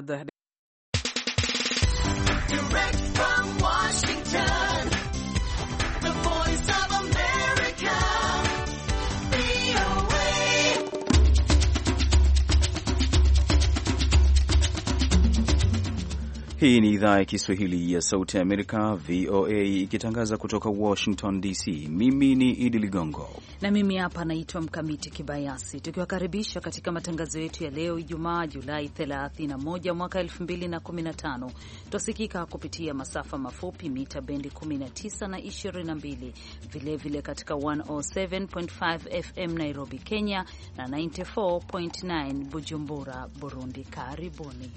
The Direct Hii ni idhaa ya Kiswahili ya Sauti ya Amerika, VOA, ikitangaza kutoka Washington DC. Mimi ni Idi Ligongo na mimi hapa naitwa Mkamiti Kibayasi, tukiwakaribisha katika matangazo yetu ya leo Ijumaa Julai 31 mwaka 2015. Twasikika kupitia masafa mafupi mita bendi 19 na 22, vilevile vile katika 107.5 FM Nairobi, Kenya na 94.9 Bujumbura, Burundi. Karibuni.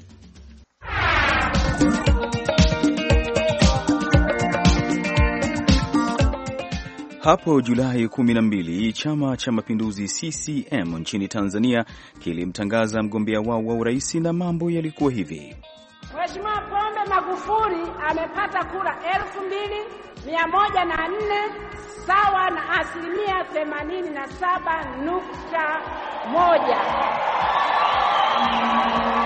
Hapo Julai 12 chama cha mapinduzi CCM nchini Tanzania kilimtangaza mgombea wao wa urais na mambo yalikuwa hivi. Mheshimiwa Pombe Magufuli amepata kura 2104 sawa na asilimia 87.1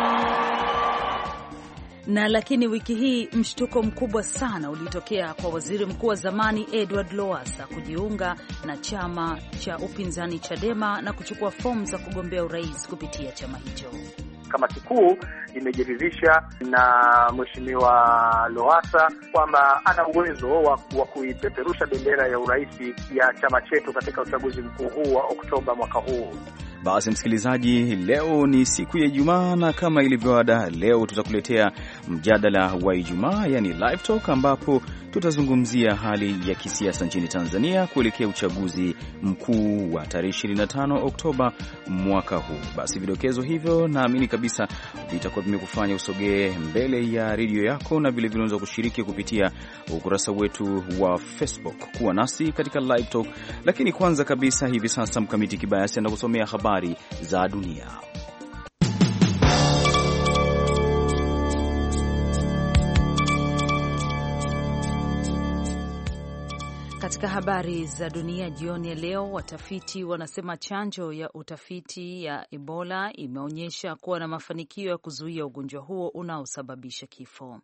na lakini wiki hii mshtuko mkubwa sana ulitokea kwa waziri mkuu wa zamani Edward Lowassa kujiunga na chama cha upinzani Chadema na kuchukua fomu za kugombea urais kupitia chama hicho. Kamati kuu imejiridhisha na mheshimiwa Lowassa kwamba ana uwezo wa kuipeperusha bendera ya urais ya chama chetu katika uchaguzi mkuu huu wa Oktoba mwaka huu. Basi msikilizaji, leo ni siku ya Ijumaa na kama ilivyo ada, leo tutakuletea mjadala wa Ijumaa, yani live talk, ambapo tutazungumzia hali ya kisiasa nchini Tanzania kuelekea uchaguzi mkuu wa tarehe 25 Oktoba mwaka huu. Basi vidokezo hivyo naamini kabisa vitakuwa vimekufanya usogee mbele ya redio yako, na vilevile unaweza kushiriki kupitia ukurasa wetu wa Facebook, kuwa nasi katika live talk. Lakini kwanza kabisa hivi sasa Mkamiti Kibayasi anakusomea habari za dunia. Katika habari za dunia jioni ya leo, watafiti wanasema chanjo ya utafiti ya Ebola imeonyesha kuwa na mafanikio ya kuzuia ugonjwa huo unaosababisha kifo.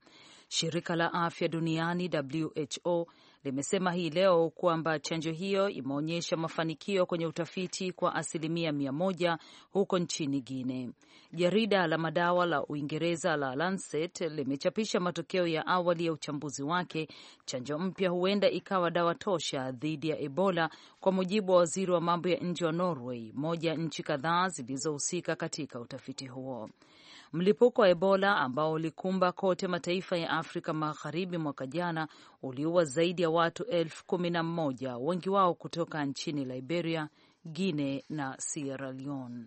Shirika la afya duniani WHO limesema hii leo kwamba chanjo hiyo imeonyesha mafanikio kwenye utafiti kwa asilimia mia moja huko nchini guine Jarida la madawa la Uingereza la Lancet limechapisha matokeo ya awali ya uchambuzi wake. Chanjo mpya huenda ikawa dawa tosha dhidi ya Ebola, kwa mujibu wa waziri wa mambo ya nje wa Norway, moja nchi kadhaa zilizohusika katika utafiti huo. Mlipuko wa Ebola ambao ulikumba kote mataifa ya Afrika Magharibi mwaka jana uliua zaidi ya watu elfu kumi na mmoja, wengi wao kutoka nchini Liberia, guine na Sierra Leone.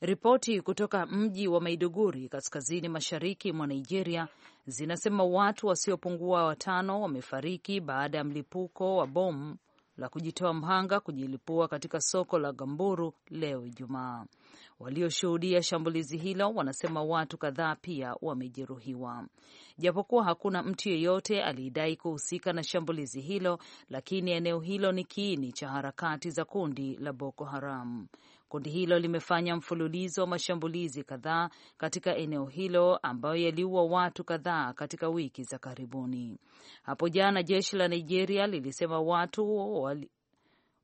Ripoti kutoka mji wa Maiduguri kaskazini mashariki mwa Nigeria zinasema watu wasiopungua watano wamefariki baada ya mlipuko wa bomu la kujitoa mhanga kujilipua katika soko la Gamburu leo Ijumaa. Walioshuhudia shambulizi hilo wanasema watu kadhaa pia wamejeruhiwa. Japokuwa hakuna mtu yeyote aliyedai kuhusika na shambulizi hilo, lakini eneo hilo ni kiini cha harakati za kundi la Boko Haram. Kundi hilo limefanya mfululizo wa mashambulizi kadhaa katika eneo hilo ambayo yaliua watu kadhaa katika wiki za karibuni. Hapo jana jeshi la Nigeria lilisema watu wali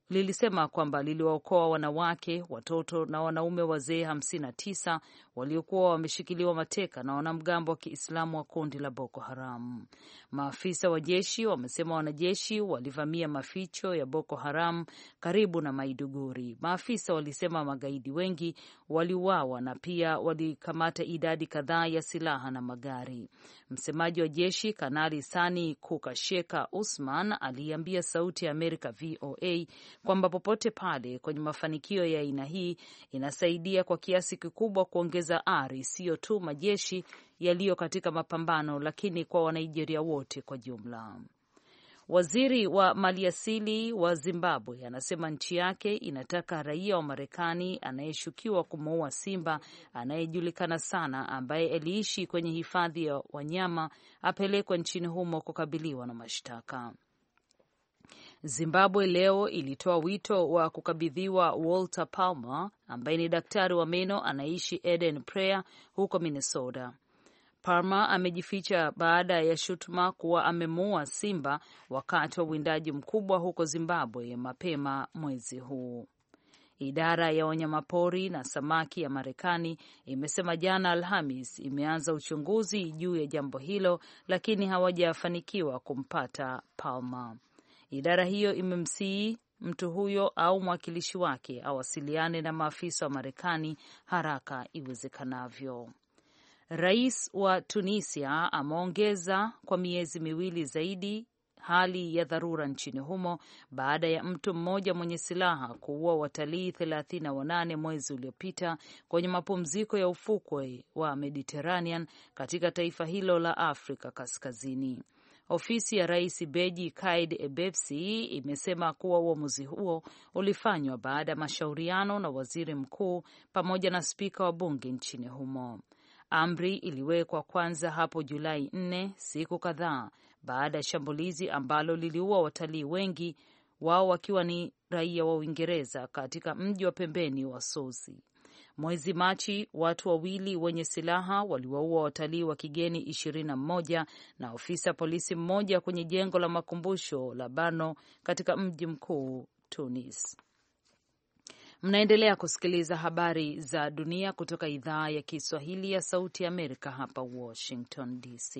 lilisema kwamba liliwaokoa wanawake, watoto na wanaume wazee 59 waliokuwa wameshikiliwa mateka na wanamgambo wa Kiislamu wa kundi la Boko Haram. Maafisa wa jeshi wamesema wanajeshi walivamia maficho ya Boko Haram karibu na Maiduguri. Maafisa walisema magaidi wengi waliuawa na pia walikamata idadi kadhaa ya silaha na magari. Msemaji wa jeshi Kanali Sani Kukasheka Usman aliambia Sauti ya Amerika VOA kwamba popote pale kwenye mafanikio ya aina hii inasaidia kwa kiasi kikubwa kuongeza ari, siyo tu majeshi yaliyo katika mapambano, lakini kwa Wanaijeria wote kwa jumla. Waziri wa maliasili wa Zimbabwe anasema nchi yake inataka raia wa Marekani anayeshukiwa kumuua simba anayejulikana sana ambaye aliishi kwenye hifadhi ya wanyama apelekwe nchini humo kukabiliwa na mashtaka. Zimbabwe leo ilitoa wito wa kukabidhiwa Walter Palmer ambaye ni daktari wa meno anaishi Eden Prairie huko Minnesota. Palmer amejificha baada ya shutuma kuwa amemuua simba wakati wa uwindaji mkubwa huko Zimbabwe mapema mwezi huu. Idara ya wanyamapori na samaki ya Marekani imesema jana Alhamis imeanza uchunguzi juu ya jambo hilo, lakini hawajafanikiwa kumpata Palmer. Idara hiyo imemsihi mtu huyo au mwakilishi wake awasiliane na maafisa wa Marekani haraka iwezekanavyo. Rais wa Tunisia ameongeza kwa miezi miwili zaidi hali ya dharura nchini humo baada ya mtu mmoja mwenye silaha kuua watalii 38 mwezi uliopita kwenye mapumziko ya ufukwe wa Mediterranean katika taifa hilo la Afrika Kaskazini. Ofisi ya Rais Beji kaid ebepsi imesema kuwa uamuzi huo ulifanywa baada ya mashauriano na waziri mkuu pamoja na spika wa bunge nchini humo. Amri iliwekwa kwanza hapo Julai 4, siku kadhaa baada ya shambulizi ambalo liliua watalii wengi, wao wakiwa ni raia wa Uingereza katika mji wa pembeni wa Sozi. Mwezi Machi, watu wawili wenye silaha waliwaua watalii wa kigeni ishirini na mmoja na ofisa polisi mmoja kwenye jengo la makumbusho la Bano katika mji mkuu Tunis. Mnaendelea kusikiliza habari za dunia kutoka idhaa ya Kiswahili ya Sauti ya Amerika hapa Washington DC.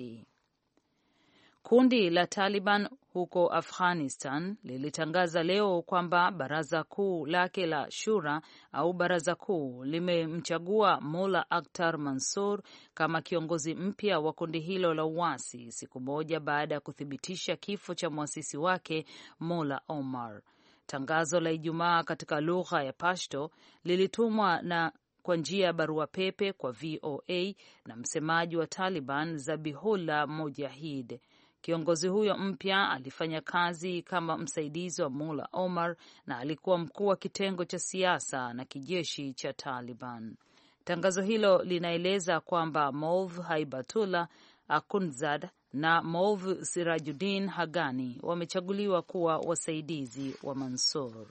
Kundi la Taliban huko Afghanistan lilitangaza leo kwamba baraza kuu lake la shura au baraza kuu limemchagua mula Akhtar Mansur kama kiongozi mpya wa kundi hilo la uasi siku moja baada ya kuthibitisha kifo cha mwasisi wake mula Omar. Tangazo la Ijumaa katika lugha ya Pashto lilitumwa na kwa njia ya barua pepe kwa VOA na msemaji wa Taliban Zabihullah Mujahid. Kiongozi huyo mpya alifanya kazi kama msaidizi wa mula Omar na alikuwa mkuu wa kitengo cha siasa na kijeshi cha Taliban. Tangazo hilo linaeleza kwamba Mov Haibatullah Akunzad na Mov Sirajuddin Hagani wamechaguliwa kuwa wasaidizi wa Mansur.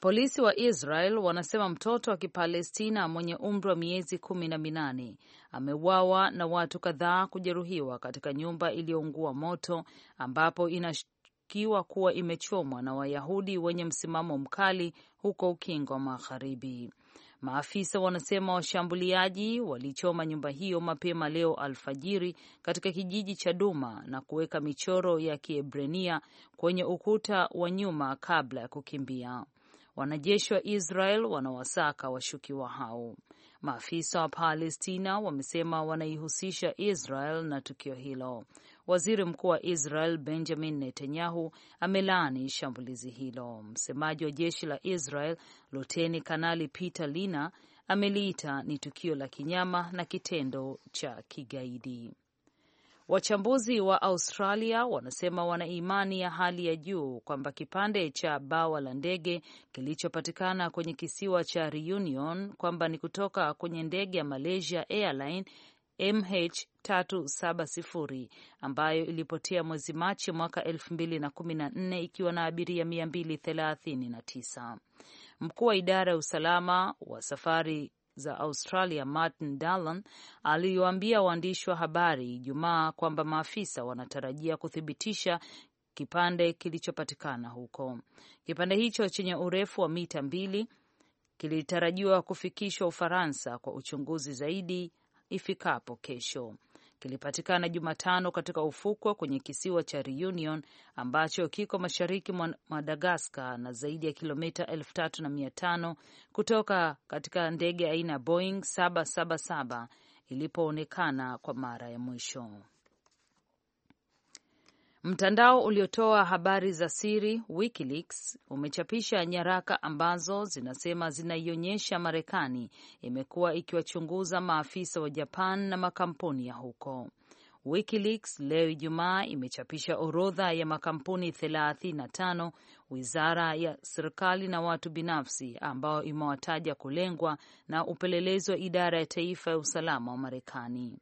Polisi wa Israel wanasema mtoto wa Kipalestina mwenye umri wa miezi kumi na minane ameuawa na watu kadhaa kujeruhiwa katika nyumba iliyoungua moto ambapo inashukiwa kuwa imechomwa na Wayahudi wenye msimamo mkali huko Ukingo wa Magharibi. Maafisa wanasema washambuliaji walichoma nyumba hiyo mapema leo alfajiri katika kijiji cha Duma na kuweka michoro ya Kiebrania kwenye ukuta wa nyuma kabla ya kukimbia. Wanajeshi wa Israel wanawasaka washukiwa hao. Maafisa wa Palestina wamesema wanaihusisha Israel na tukio hilo. Waziri mkuu wa Israel Benjamin Netanyahu amelaani shambulizi hilo. Msemaji wa jeshi la Israel luteni kanali Peter Lina ameliita ni tukio la kinyama na kitendo cha kigaidi. Wachambuzi wa Australia wanasema wana imani ya hali ya juu kwamba kipande cha bawa la ndege kilichopatikana kwenye kisiwa cha Reunion kwamba ni kutoka kwenye ndege ya Malaysia Airline MH370 ambayo ilipotea mwezi Machi mwaka 2014 ikiwa na abiria 239. Mkuu wa idara ya usalama wa safari za Australia Martin dalan aliwaambia waandishi wa habari Ijumaa kwamba maafisa wanatarajia kuthibitisha kipande kilichopatikana huko. Kipande hicho chenye urefu wa mita mbili kilitarajiwa kufikishwa Ufaransa kwa uchunguzi zaidi ifikapo kesho kilipatikana Jumatano katika ufukwe kwenye kisiwa cha Reunion ambacho kiko mashariki mwa Madagaskar na zaidi ya kilomita 3500 kutoka katika ndege aina ya Boeing 777 ilipoonekana kwa mara ya mwisho. Mtandao uliotoa habari za siri WikiLeaks umechapisha nyaraka ambazo zinasema zinaionyesha Marekani imekuwa ikiwachunguza maafisa wa Japan na makampuni ya huko. WikiLeaks leo Ijumaa imechapisha orodha ya makampuni 35 wizara ya serikali na watu binafsi ambao imewataja kulengwa na upelelezi wa idara ya taifa ya usalama wa Marekani.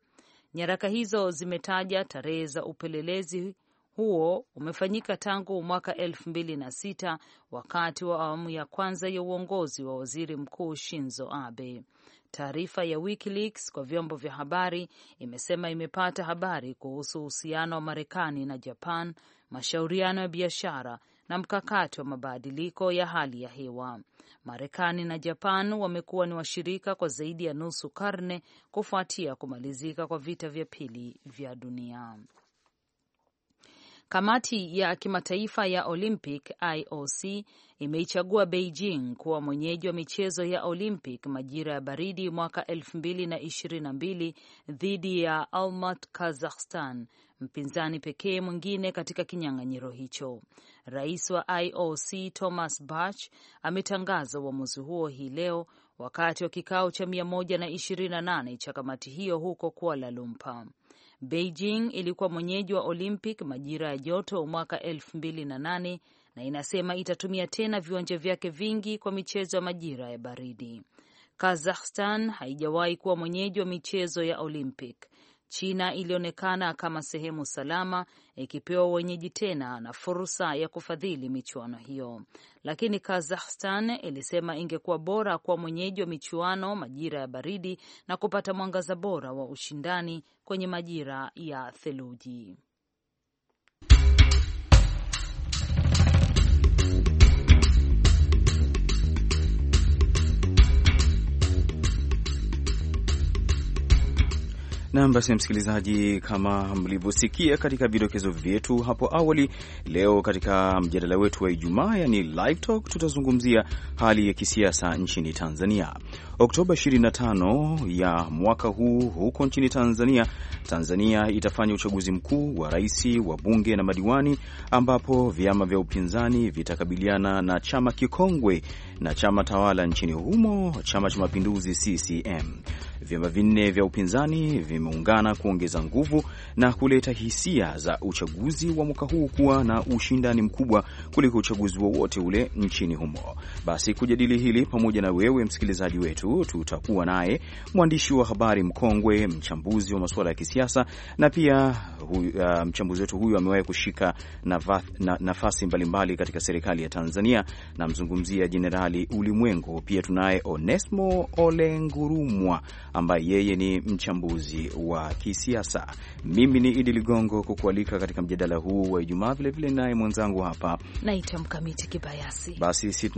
Nyaraka hizo zimetaja tarehe za upelelezi huo umefanyika tangu mwaka elfu mbili na sita wakati wa awamu ya kwanza ya uongozi wa waziri mkuu Shinzo Abe. Taarifa ya WikiLeaks kwa vyombo vya habari imesema imepata habari kuhusu uhusiano wa Marekani na Japan, mashauriano ya biashara na mkakati wa mabadiliko ya hali ya hewa. Marekani na Japan wamekuwa ni washirika kwa zaidi ya nusu karne kufuatia kumalizika kwa vita vya pili vya dunia. Kamati ya kimataifa ya Olympic IOC imeichagua Beijing kuwa mwenyeji wa michezo ya Olympic majira ya baridi mwaka 2022 dhidi ya Almat, Kazakhstan, mpinzani pekee mwingine katika kinyang'anyiro hicho. Rais wa IOC Thomas Bach ametangaza uamuzi huo hii leo wakati wa kikao cha 128 cha kamati hiyo huko Kuala Lumpur. Beijing ilikuwa mwenyeji wa Olympic majira ya joto mwaka elfu na na inasema itatumia tena viwanja vyake vingi kwa michezo ya majira ya baridi. Kazakhstan haijawahi kuwa mwenyeji wa michezo ya Olympic. China ilionekana kama sehemu salama ikipewa wenyeji tena na fursa ya kufadhili michuano hiyo, lakini Kazakhstan ilisema ingekuwa bora kuwa mwenyeji wa michuano majira ya baridi na kupata mwangaza bora wa ushindani kwenye majira ya theluji. Nam, basi msikilizaji, kama mlivyosikia katika vidokezo vyetu hapo awali, leo katika mjadala wetu wa Ijumaa, yani live talk, tutazungumzia hali ya kisiasa nchini Tanzania. Oktoba 25 ya mwaka huu huko nchini Tanzania Tanzania itafanya uchaguzi mkuu wa rais, wa bunge na madiwani, ambapo vyama vya upinzani vitakabiliana na chama kikongwe na chama tawala nchini humo, Chama cha Mapinduzi CCM. Vyama vinne vya upinzani vimeungana kuongeza nguvu na kuleta hisia za uchaguzi wa mwaka huu kuwa na ushindani mkubwa kuliko uchaguzi wowote ule nchini humo. Basi kujadili hili pamoja na wewe msikilizaji wetu, tutakuwa naye mwandishi wa habari mkongwe, mchambuzi wa masuala ya kisiasa kisiasa na pia uh, mchambuzi wetu huyu amewahi kushika nafasi na, na mbalimbali katika serikali ya Tanzania. Namzungumzia Jenerali Ulimwengu. Pia tunaye Onesmo Olengurumwa ambaye yeye ni mchambuzi wa kisiasa. Mimi ni Idi Ligongo kukualika katika mjadala huu wa Ijumaa, vilevile naye mwenzangu hapa naitwa Mkamiti Kibayasi. Basi si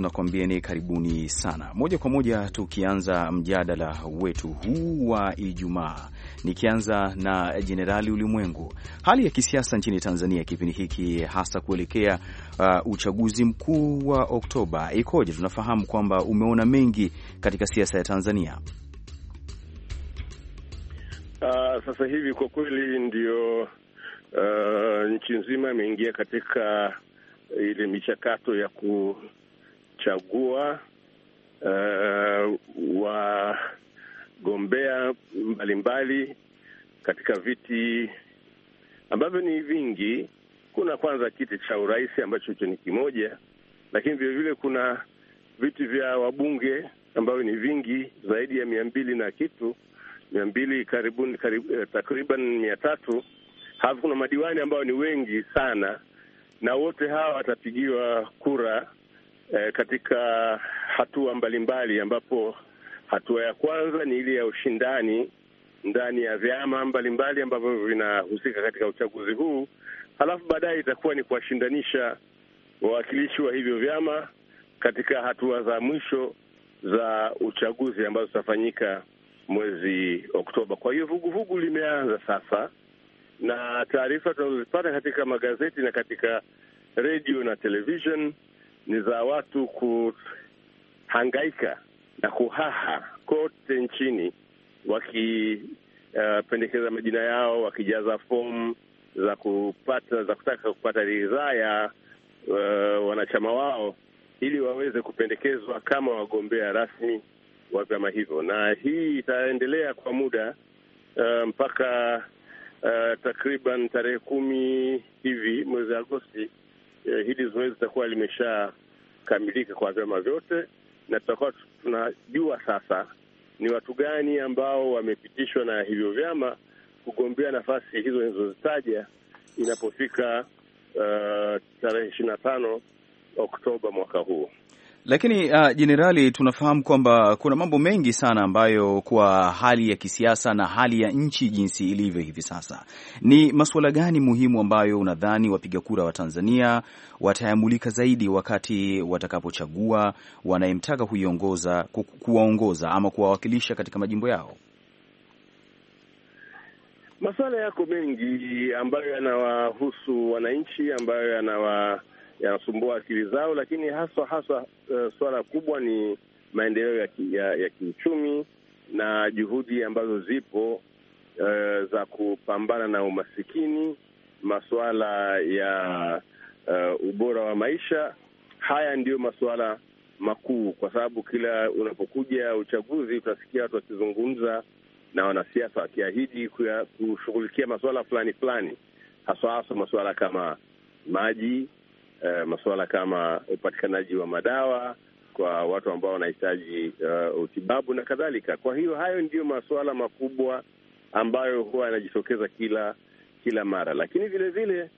ni karibuni sana. Moja kwa moja tukianza mjadala wetu huu wa Ijumaa nikianza na Jenerali Ulimwengu. Hali ya kisiasa nchini Tanzania kipindi hiki hasa kuelekea uh, uchaguzi mkuu wa Oktoba ikoje? Tunafahamu kwamba umeona mengi katika siasa ya Tanzania. Uh, sasa hivi kwa kweli ndio uh, nchi nzima imeingia katika ile michakato ya kuchagua uh, wa wagombea mbalimbali katika viti ambavyo ni vingi. Kuna kwanza kiti cha urais ambacho hicho ni kimoja, lakini vilevile kuna viti vya wabunge ambavyo ni vingi zaidi ya mia mbili na kitu, mia mbili karibuni, eh, takriban mia tatu. Halafu kuna madiwani ambayo ni wengi sana, na wote hawa watapigiwa kura eh, katika hatua mbalimbali ambapo Hatua ya kwanza ni ile ya ushindani ndani ya vyama mbalimbali ambavyo vinahusika katika uchaguzi huu, halafu baadaye itakuwa ni kuwashindanisha wawakilishi wa hivyo vyama katika hatua za mwisho za uchaguzi ambazo zitafanyika mwezi Oktoba. Kwa hiyo vuguvugu limeanza sasa, na taarifa tunazozipata katika magazeti na katika redio na television ni za watu kuhangaika na kuhaha kote nchini wakipendekeza uh, majina yao, wakijaza fomu za kupata za kutaka kupata ridhaa ya uh, wanachama wao ili waweze kupendekezwa kama wagombea rasmi wa vyama hivyo, na hii itaendelea kwa muda uh, mpaka uh, takriban tarehe kumi hivi mwezi Agosti. Uh, hili zoezi litakuwa limeshakamilika kwa vyama vyote na tutakuwa tunajua sasa ni watu gani ambao wamepitishwa na hivyo vyama kugombea nafasi hizo inazozitaja inapofika uh, tarehe ishirini na tano Oktoba mwaka huu. Lakini uh, jenerali, uh, tunafahamu kwamba kuna mambo mengi sana ambayo kwa hali ya kisiasa na hali ya nchi jinsi ilivyo hivi sasa, ni masuala gani muhimu ambayo unadhani wapiga kura wa Tanzania watayamulika zaidi wakati watakapochagua wanayemtaka kuiongoza kuwaongoza ama kuwawakilisha katika majimbo yao? Masuala yako mengi ambayo yanawahusu wananchi, ambayo yanawa yanasumbua akili zao, lakini haswa haswa uh, eh, suala kubwa ni maendeleo ya, ki, ya, ya kiuchumi na juhudi ambazo zipo uh, za kupambana na umasikini, masuala ya uh, ubora wa maisha. Haya ndiyo masuala makuu, kwa sababu kila unapokuja uchaguzi utasikia watu wakizungumza na wanasiasa wakiahidi kushughulikia masuala fulani fulani, haswa haswa masuala kama maji, eh, masuala kama upatikanaji wa madawa kwa watu ambao wanahitaji uh, utibabu na kadhalika. Kwa hiyo hayo ndiyo masuala makubwa ambayo huwa yanajitokeza kila kila mara, lakini vilevile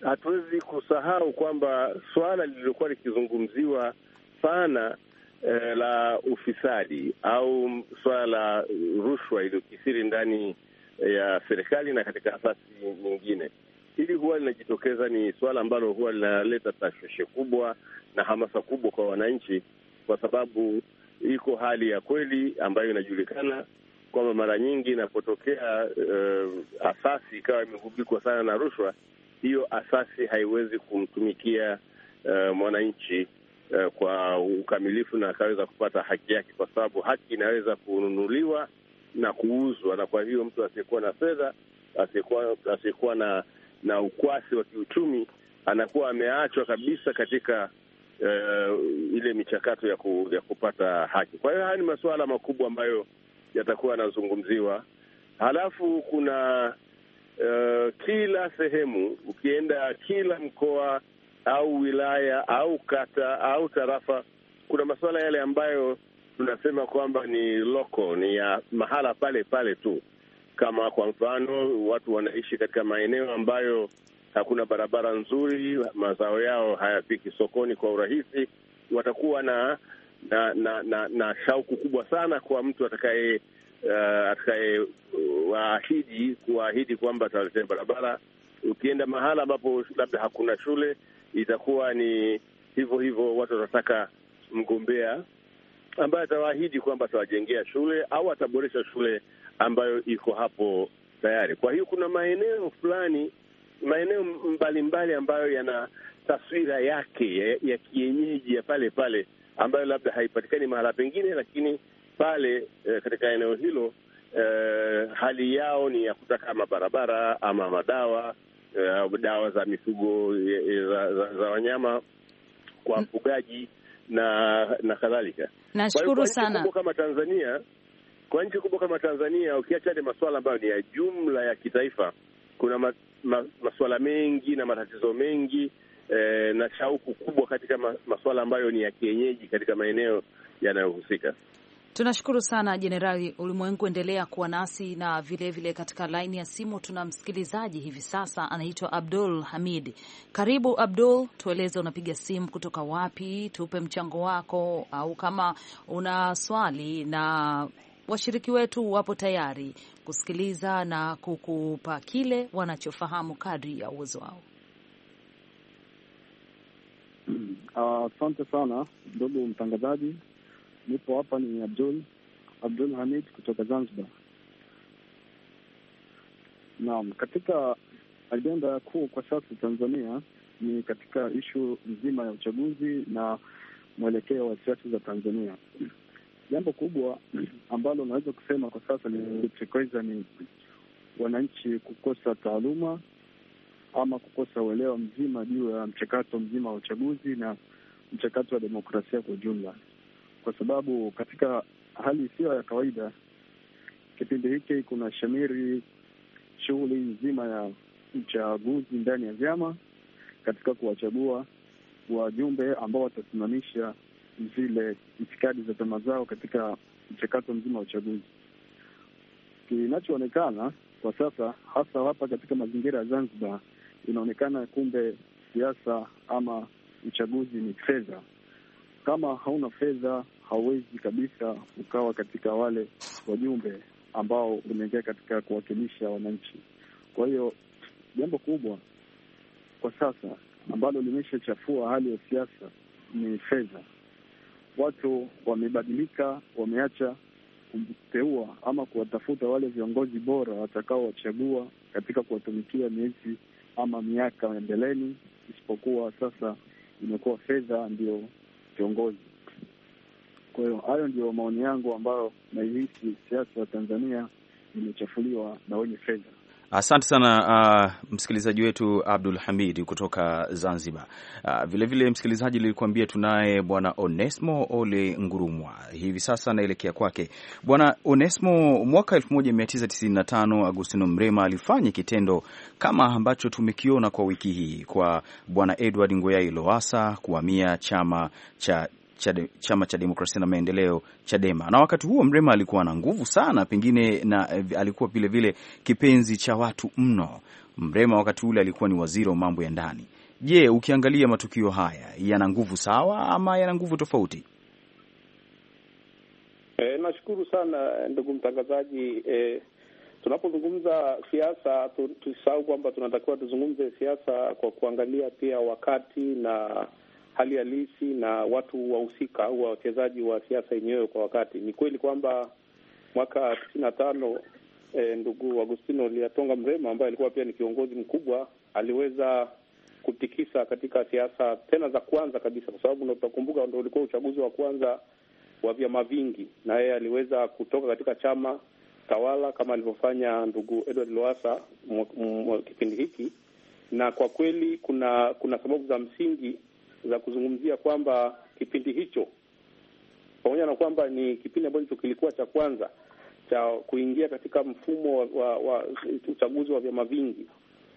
hatuwezi kusahau kwamba suala lililokuwa likizungumziwa sana eh, la ufisadi au suala la rushwa iliyokithiri ndani ya serikali na katika asasi nyingine hili huwa linajitokeza, ni suala ambalo huwa linaleta tashwishi kubwa na hamasa kubwa kwa wananchi, kwa sababu iko hali ya kweli ambayo inajulikana kwamba mara nyingi inapotokea uh, asasi ikawa imegubikwa sana na rushwa, hiyo asasi haiwezi kumtumikia uh, mwananchi uh, kwa ukamilifu na akaweza kupata haki yake, kwa sababu haki inaweza kununuliwa na kuuzwa, na kwa hiyo mtu asiyekuwa na fedha asiyekuwa na na ukwasi wa kiuchumi, anakuwa ameachwa kabisa katika uh, ile michakato ya, ku, ya kupata haki. Kwa hiyo haya ni masuala makubwa ambayo yatakuwa yanazungumziwa. Halafu kuna uh, kila sehemu ukienda, kila mkoa au wilaya au kata au tarafa, kuna masuala yale ambayo tunasema kwamba ni loko, ni ya mahala pale pale tu kama kwa mfano watu wanaishi katika maeneo ambayo hakuna barabara nzuri, mazao yao hayafiki sokoni kwa urahisi, watakuwa na na na, na, na shauku kubwa sana kwa mtu atakaye uh, atakaye waahidi uh, kuwaahidi kwamba atawaletea barabara. Ukienda mahala ambapo labda hakuna shule, itakuwa ni hivyo hivyo, watu watataka mgombea ambaye atawaahidi kwamba atawajengea shule au ataboresha shule ambayo iko hapo tayari. Kwa hiyo kuna maeneo fulani, maeneo mbalimbali mbali ambayo yana taswira yake ya, ya kienyeji ya pale pale ambayo labda haipatikani mahala pengine, lakini pale eh, katika eneo hilo eh, hali yao ni ya kutaka mabarabara ama madawa eh, dawa za mifugo eh, eh za, za, za wanyama kwa mfugaji mm. na na kadhalika. Nashukuru sana kama Tanzania kwa nchi kubwa kama Tanzania, ukiacha yale masuala ambayo ni ya jumla ya kitaifa, kuna ma, ma, masuala mengi na matatizo mengi eh, na shauku kubwa katika ma, masuala ambayo ni ya kienyeji katika maeneo yanayohusika. Tunashukuru sana Jenerali Ulimwengu, endelea kuwa nasi na vilevile vile. Katika laini ya simu tuna msikilizaji hivi sasa anaitwa Abdul Hamid. Karibu Abdul, tueleze unapiga simu kutoka wapi, tupe mchango wako, au kama una swali na washiriki wetu wapo tayari kusikiliza na kukupa kile wanachofahamu kadri ya uwezo wao. Mm, asante uh, sana ndugu mtangazaji. Nipo hapa ni Abdul Abdul Hamid kutoka Zanzibar. Naam, katika ajenda kuu kwa sasa Tanzania ni katika ishu nzima ya uchaguzi na mwelekeo wa siasa za Tanzania. Jambo kubwa ambalo unaweza kusema kwa sasa limetokeza ni wananchi kukosa taaluma ama kukosa uelewa mzima juu ya mchakato mzima wa uchaguzi na mchakato wa demokrasia kwa ujumla, kwa sababu katika hali isiyo ya kawaida kipindi hiki kuna shamiri shughuli nzima ya uchaguzi ndani ya vyama katika kuwachagua wajumbe ambao watasimamisha zile itikadi za chama zao katika mchakato mzima wa uchaguzi. Kinachoonekana kwa sasa, hasa hapa katika mazingira ya Zanzibar, inaonekana kumbe siasa ama uchaguzi ni fedha. Kama hauna fedha, hauwezi kabisa ukawa katika wale wajumbe ambao umeingia katika kuwakilisha wananchi. Kwa hiyo jambo kubwa kwa sasa ambalo limeshachafua hali ya siasa ni fedha watu wamebadilika, wameacha kumteua ama kuwatafuta wale viongozi bora watakaowachagua katika kuwatumikia miezi ama miaka mbeleni, isipokuwa sasa imekuwa fedha ndio kiongozi Kwa hiyo hayo ndio maoni yangu ambayo naihisi siasa ya Tanzania imechafuliwa na wenye fedha. Asante sana uh, msikilizaji wetu Abdul Hamid kutoka Zanzibar. Uh, vilevile msikilizaji, nilikuambia tunaye bwana Onesmo Ole Ngurumwa, hivi sasa anaelekea kwake. Bwana Onesmo, mwaka 1995 Agustino Mrema alifanya kitendo kama ambacho tumekiona kwa wiki hii kwa bwana Edward Ngoyai loasa kuhamia chama cha chade, chama cha demokrasia na maendeleo Chadema, na wakati huo Mrema alikuwa na nguvu sana, pengine na eh, alikuwa vilevile kipenzi cha watu mno. Mrema wakati ule alikuwa ni waziri wa mambo ya ndani. Je, ukiangalia matukio haya yana nguvu sawa ama yana nguvu tofauti? E, nashukuru sana eh, ndugu mtangazaji. E, tunapozungumza siasa tusisahau kwamba tunatakiwa tuzungumze siasa kwa kuangalia pia wakati na hali halisi na watu wahusika au wachezaji wa siasa yenyewe kwa wakati. Ni kweli kwamba mwaka tisini na tano e, ndugu Agustino liatonga Mrema ambaye alikuwa pia ni kiongozi mkubwa aliweza kutikisa katika siasa tena za kwanza kabisa, kwa sababu utakumbuka ndo ulikuwa uchaguzi wa kwanza wa vyama vingi, na yeye aliweza kutoka katika chama tawala kama alivyofanya ndugu Edward Lowassa kipindi hiki, na kwa kweli kuna kuna sababu za msingi za kuzungumzia kwamba kipindi hicho pamoja na kwamba ni kipindi ambacho kilikuwa cha kwanza cha kuingia katika mfumo wa uchaguzi wa, wa vyama vingi,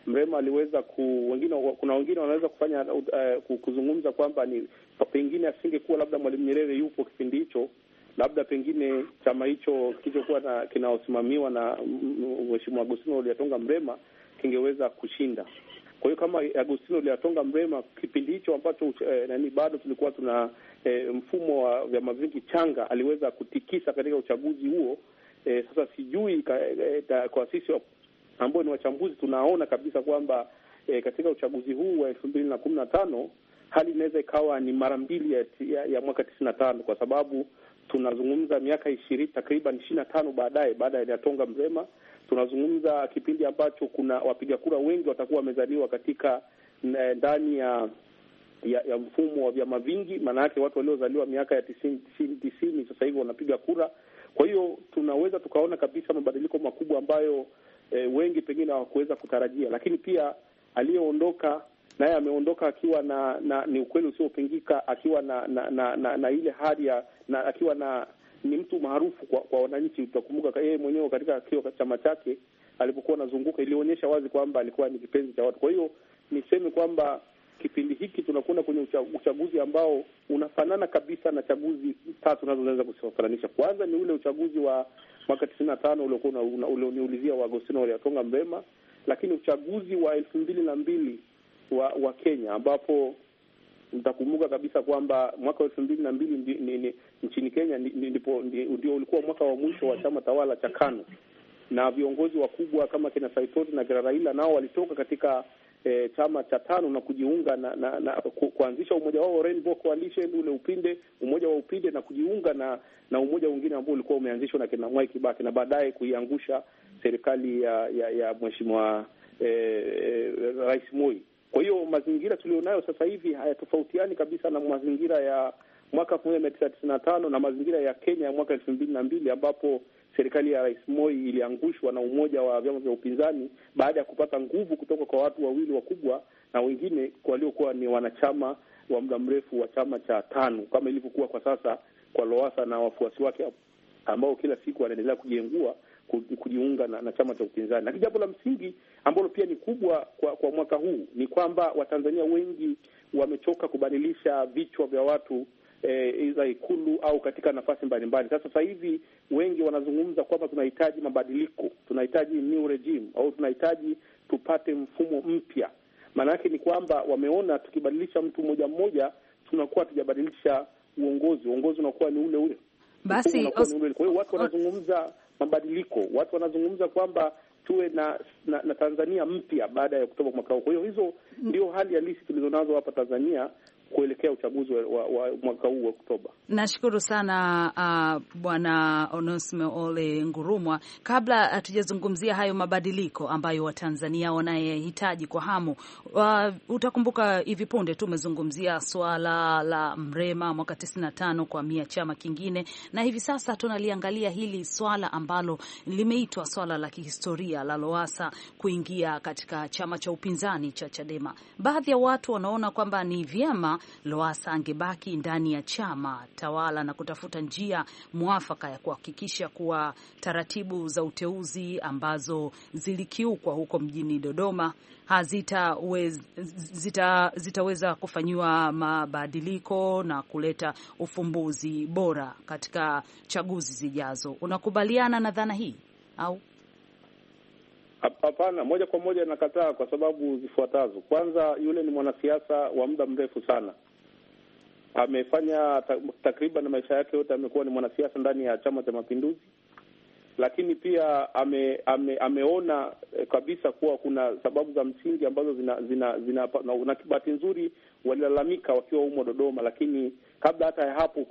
Mrema aliweza ku, wengine, kuna wengine wanaweza kufanya uh, kuzungumza kwamba ni pengine asingekuwa labda Mwalimu Nyerere yupo kipindi hicho, labda pengine chama hicho kilichokuwa kinaosimamiwa na mm, mm, Mheshimiwa Agostino Lyatonga Mrema kingeweza kushinda. Kwa hiyo kama Agustino Lyatonga Mrema, kipindi hicho ambacho eh, nani bado tulikuwa tuna eh, mfumo wa vyama vingi changa, aliweza kutikisa katika uchaguzi huo. Eh, sasa sijui ka, eh, ta, kwa sisi ambao ni wachambuzi tunaona kabisa kwamba eh, katika uchaguzi huu wa elfu mbili na kumi na tano hali inaweza ikawa ni mara mbili ya, ya, ya mwaka tisini na tano kwa sababu tunazungumza miaka ishirini takriban ishirini na tano baadaye baada ya Lyatonga Mrema tunazungumza kipindi ambacho kuna wapiga kura wengi watakuwa wamezaliwa katika eh, ndani ya ya, ya mfumo wa vyama vingi. Maana yake watu waliozaliwa miaka ya tisini tisini tisini sasa hivi wanapiga kura. Kwa hiyo tunaweza tukaona kabisa mabadiliko makubwa ambayo e, wengi pengine hawakuweza kutarajia, lakini pia aliyeondoka naye ameondoka akiwa na, na ni ukweli usiopingika akiwa na na, na, na, na ile hali ya akiwa na ni mtu maarufu kwa, kwa wananchi. Utakumbuka yeye mwenyewe katika kio chama chake alipokuwa anazunguka ilionyesha wazi kwamba alikuwa ni kipenzi cha watu. Kwa hiyo niseme kwamba kipindi hiki tunakwenda kwenye uchaguzi ambao unafanana kabisa na chaguzi tatu nazoweza kuzifananisha. Kwanza ni ule uchaguzi wa mwaka tisini na tano uliokuwa ulioniulizia wa Agostino Waliatonga Mbema, lakini uchaguzi wa elfu mbili na mbili wa wa Kenya ambapo Mtakumbuka kabisa kwamba mwaka wa elfu mbili na mbili nchini Kenya ndipo ndio ulikuwa mwaka wa mwisho wa chama tawala cha KANU na viongozi wakubwa kama kina Saitoti na kina Raila nao walitoka katika e, chama cha tano na kujiunga na, na, na kuanzisha umoja wao Rainbow Coalition, ule upinde umoja wa upinde na kujiunga na na umoja mwingine ambao ulikuwa umeanzishwa na kina Mwai Kibaki na baadaye kuiangusha serikali ya ya, ya mheshimiwa e, e, Rais Moi. Kwa hiyo mazingira tulionayo sasa hivi hayatofautiani kabisa na mazingira ya mwaka elfu moja mia tisa tisini na tano na mazingira ya Kenya ya mwaka elfu mbili na mbili ambapo serikali ya Rais Moi iliangushwa na umoja wa vyama vya upinzani baada ya kupata nguvu kutoka kwa watu wawili wakubwa na wengine waliokuwa ni wanachama wa muda mrefu wa chama cha TANU kama ilivyokuwa kwa sasa kwa loasa na wafuasi wake ambao kila siku wanaendelea kujengua kujiunga na, na chama cha upinzani. Lakini jambo la msingi ambalo pia ni kubwa kwa, kwa mwaka huu ni kwamba Watanzania wengi wamechoka kubadilisha vichwa vya watu E, za Ikulu au katika nafasi mbalimbali. Sasa sasa hivi wengi wanazungumza kwamba tunahitaji mabadiliko, tunahitaji new regime au tunahitaji tupate mfumo mpya. Maana yake ni kwamba wameona tukibadilisha mtu mmoja mmoja tunakuwa tujabadilisha uongozi, uongozi unakuwa ni ule ule. Basi kwa hiyo watu wanazungumza mabadiliko. Watu wanazungumza kwamba tuwe na, na, na Tanzania mpya baada ya Oktoba mwaka huu. Kwa hiyo hizo mm. ndio hali halisi tulizonazo hapa Tanzania kuelekea uchaguzi wa, wa, wa mwaka huu wa Oktoba. Nashukuru sana uh, Bwana Onesme Ole Ngurumwa. Kabla hatujazungumzia hayo mabadiliko ambayo Watanzania wanayehitaji kwa hamu, uh, utakumbuka hivi punde tu umezungumzia swala la Mrema mwaka 95 mia chama kingine, na hivi sasa tunaliangalia hili swala ambalo limeitwa swala la kihistoria la loasa kuingia katika chama cha upinzani cha Chadema. Baadhi ya watu wanaona kwamba ni vyema loasa angebaki ndani ya chama tawala na kutafuta njia mwafaka ya kuhakikisha kuwa taratibu za uteuzi ambazo zilikiukwa huko mjini Dodoma hazitaweza zita, zitaweza kufanyiwa mabadiliko na kuleta ufumbuzi bora katika chaguzi zijazo. Unakubaliana na dhana hii au Hapana, moja kwa moja nakataa kwa sababu zifuatazo. Kwanza, yule ni mwanasiasa wa muda mrefu sana, amefanya takriban maisha yake yote amekuwa ni mwanasiasa ndani ya Chama cha Mapinduzi, lakini pia ame, ame, ameona eh, kabisa kuwa kuna sababu za msingi ambazo zina, zina, zina na bahati nzuri walilalamika wakiwa humo Dodoma, lakini kabla hata ya hapo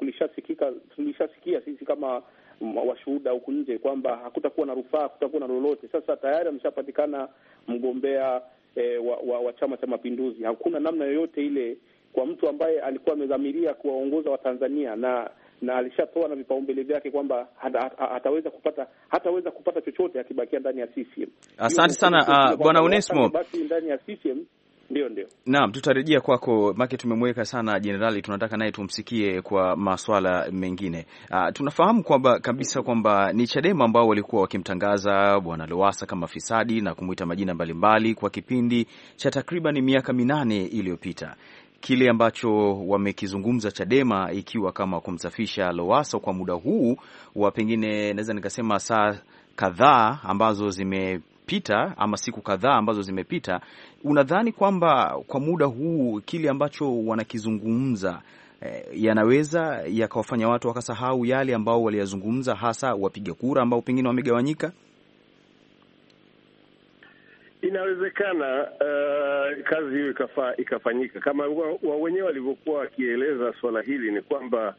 kulishasikia sisi kama washuhuda huku nje kwamba hakutakuwa na rufaa, hakutakuwa na lolote. Sasa tayari ameshapatikana mgombea e, wa, wa, wa Chama cha Mapinduzi. Hakuna namna yoyote ile kwa mtu ambaye alikuwa amedhamiria kuwaongoza Watanzania na na alishatoa na vipaumbele vyake kwamba hataweza kupata hataweza kupata chochote akibakia ndani ya CCM. Asante sana ah, bwana Onesmo, basi ndani ya CCM ndio, ndio. Naam, tutarejea kwako make tumemweka sana jenerali, tunataka naye tumsikie kwa maswala mengine. Uh, tunafahamu kwamba kabisa kwamba ni Chadema ambao walikuwa wakimtangaza bwana Lowassa kama fisadi na kumwita majina mbalimbali kwa kipindi cha takriban miaka minane iliyopita. Kile ambacho wamekizungumza Chadema ikiwa kama kumsafisha Lowassa kwa muda huu wa pengine, naweza nikasema saa kadhaa ambazo zime zimepita ama siku kadhaa ambazo zimepita, unadhani kwamba kwa muda huu kile ambacho wanakizungumza eh, yanaweza yakawafanya watu wakasahau yale ambao waliyazungumza, hasa wapiga kura ambao pengine wamegawanyika? Inawezekana uh, kazi hiyo ikafa, ikafanyika kama wa wenyewe walivyokuwa wakieleza. Suala hili ni kwamba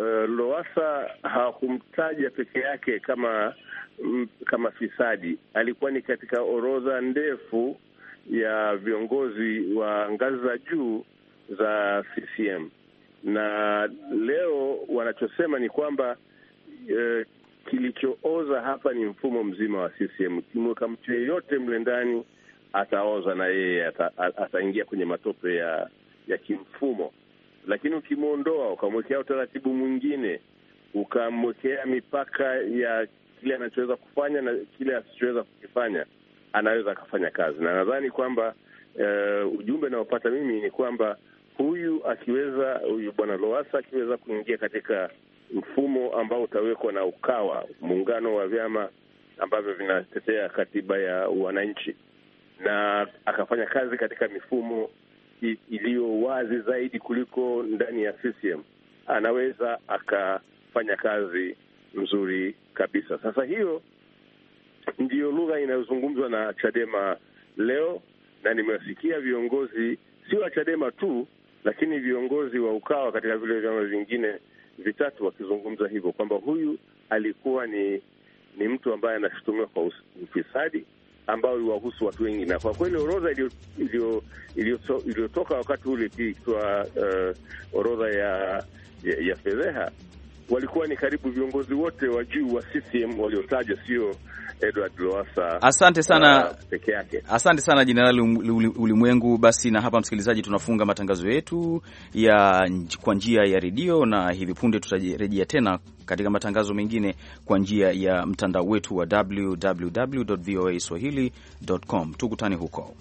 uh, Lowassa hakumtaja peke yake kama m, mm, kama fisadi. Alikuwa ni katika orodha ndefu ya viongozi wa ngazi za juu za CCM, na leo wanachosema ni kwamba uh, kilichooza hapa ni mfumo mzima wa CCM. Kimweka mtu yeyote mle ndani ataoza na yeye ataingia ata kwenye matope ya ya kimfumo, lakini ukimwondoa ukamwekea utaratibu mwingine, ukamwekea mipaka ya kile anachoweza kufanya na kile asichoweza kukifanya, anaweza akafanya kazi, na nadhani kwamba uh, ujumbe naopata mimi ni kwamba huyu akiweza, huyu bwana loasa akiweza kuingia katika mfumo ambao utawekwa na Ukawa, muungano wa vyama ambavyo vinatetea katiba ya wananchi, na akafanya kazi katika mifumo iliyo wazi zaidi kuliko ndani ya CCM, anaweza akafanya kazi nzuri kabisa. Sasa hiyo ndiyo lugha inayozungumzwa na Chadema leo, na nimewasikia viongozi sio wa Chadema tu, lakini viongozi wa Ukawa katika vile vyama vingine vitatu wakizungumza hivyo kwamba huyu alikuwa ni ni mtu ambaye anashutumiwa kwa ufisadi ambao iwahusu watu wengi, na kwa kweli orodha iliyotoka wakati ule pia ikiwa uh, orodha ya ya, ya fedheha walikuwa ni karibu viongozi wote wa juu wa CCM waliotaja, sio Edward Lowassa. Asante uh, sana peke yake. Asante sana Jenerali Ulimwengu. Basi na hapa, msikilizaji, tunafunga matangazo yetu ya kwa njia ya redio, na hivi punde tutarejea tena katika matangazo mengine kwa njia ya mtandao wetu wa www.voaswahili.com. Tukutane huko.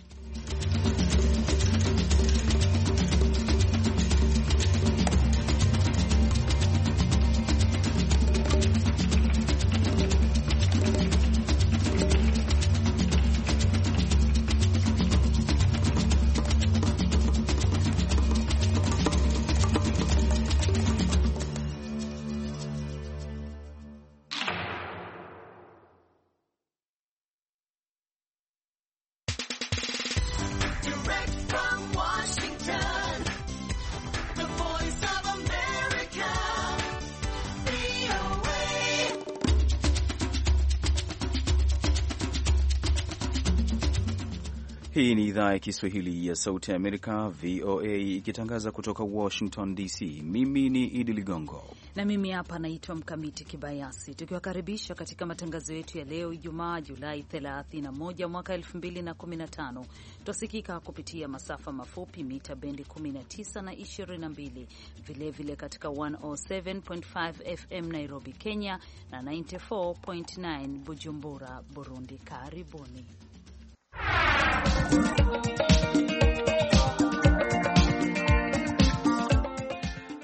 Hii ni idhaa ya Kiswahili ya Sauti ya Amerika, VOA, ikitangaza kutoka Washington DC. Mimi ni Idi Ligongo na mimi hapa naitwa Mkamiti Kibayasi, tukiwakaribisha katika matangazo yetu ya leo Ijumaa Julai 31 mwaka 2015. Twasikika kupitia masafa mafupi mita bendi 19 na 22, vilevile katika 107.5 FM Nairobi, Kenya na 94.9 Bujumbura, Burundi. Karibuni.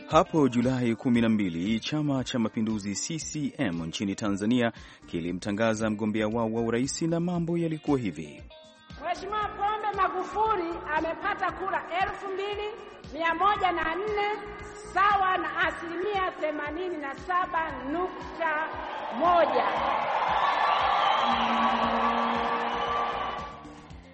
Hapo Julai 12 Chama cha Mapinduzi CCM nchini Tanzania kilimtangaza mgombea wao wa urais na mambo yalikuwa hivi. Mheshimiwa Pombe Magufuli amepata kura 2104 sawa na asilimia 87.1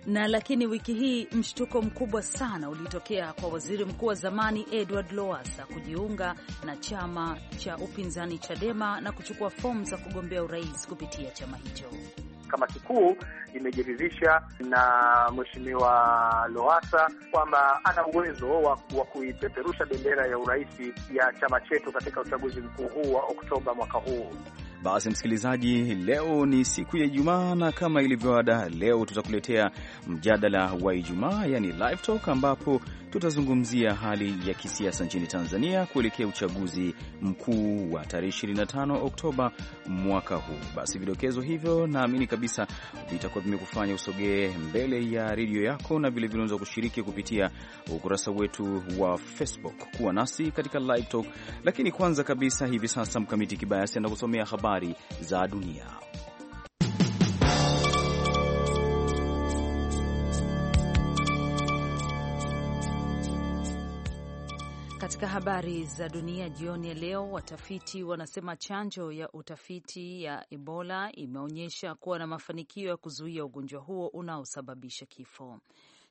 na lakini wiki hii mshtuko mkubwa sana ulitokea kwa waziri mkuu wa zamani Edward Lowassa kujiunga na chama cha upinzani Chadema na kuchukua fomu za kugombea urais kupitia chama hicho. Kama kikuu imejiridhisha na Mheshimiwa Lowassa kwamba ana uwezo wa kuipeperusha bendera ya urais ya chama chetu katika uchaguzi mkuu huu wa Oktoba mwaka huu. Basi msikilizaji, leo ni siku ya Ijumaa na kama ilivyo ada, leo tutakuletea mjadala wa Ijumaa, yani live talk, ambapo tutazungumzia hali ya kisiasa nchini Tanzania kuelekea uchaguzi mkuu wa tarehe 25 Oktoba mwaka huu. Basi vidokezo hivyo naamini kabisa vitakuwa vimekufanya usogee mbele ya redio yako, na vilevile unaweza kushiriki kupitia ukurasa wetu wa Facebook, kuwa nasi katika live talk. Lakini kwanza kabisa hivi sasa Mkamiti Kibayasi anakusomea habari za dunia. Katika habari za dunia jioni ya leo, watafiti wanasema chanjo ya utafiti ya Ebola imeonyesha kuwa na mafanikio ya kuzuia ugonjwa huo unaosababisha kifo.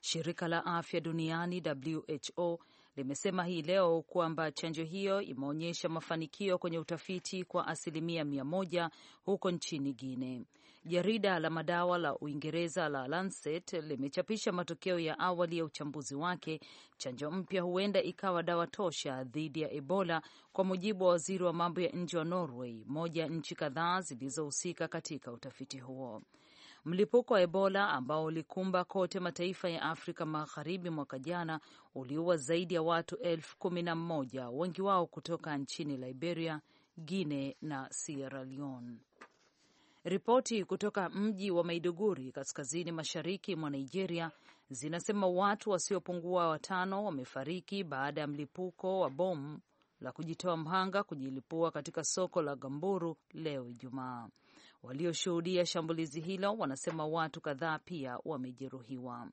Shirika la afya duniani WHO limesema hii leo kwamba chanjo hiyo imeonyesha mafanikio kwenye utafiti kwa asilimia mia moja huko nchini Guinea. Jarida la madawa la Uingereza la Lancet limechapisha matokeo ya awali ya uchambuzi wake. Chanjo mpya huenda ikawa dawa tosha dhidi ya Ebola, kwa mujibu wa waziri wa mambo ya nje wa Norway, moja ya nchi kadhaa zilizohusika katika utafiti huo. Mlipuko wa Ebola ambao ulikumba kote mataifa ya Afrika Magharibi mwaka jana uliua zaidi ya watu elfu kumi na mmoja, wengi wao kutoka nchini Liberia, Guinea na Sierra Leone. Ripoti kutoka mji wa Maiduguri kaskazini mashariki mwa Nigeria zinasema watu wasiopungua watano wamefariki baada ya mlipuko wa bomu la kujitoa mhanga kujilipua katika soko la Gamburu leo Ijumaa. Walioshuhudia shambulizi hilo wanasema watu kadhaa pia wamejeruhiwa.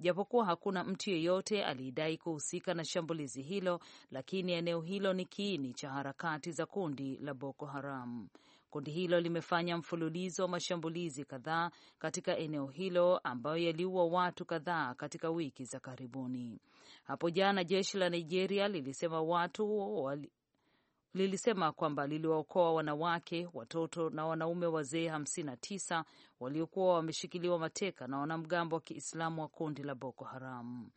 Japokuwa hakuna mtu yeyote aliyedai kuhusika na shambulizi hilo, lakini eneo hilo ni kiini cha harakati za kundi la Boko Haram. Kundi hilo limefanya mfululizo wa mashambulizi kadhaa katika eneo hilo ambayo yaliua watu kadhaa katika wiki za karibuni. Hapo jana jeshi la Nigeria lilisema watu wali lilisema kwamba liliwaokoa wanawake, watoto na wanaume wazee 59 waliokuwa wameshikiliwa mateka na wanamgambo wa Kiislamu wa kundi la Boko Haram.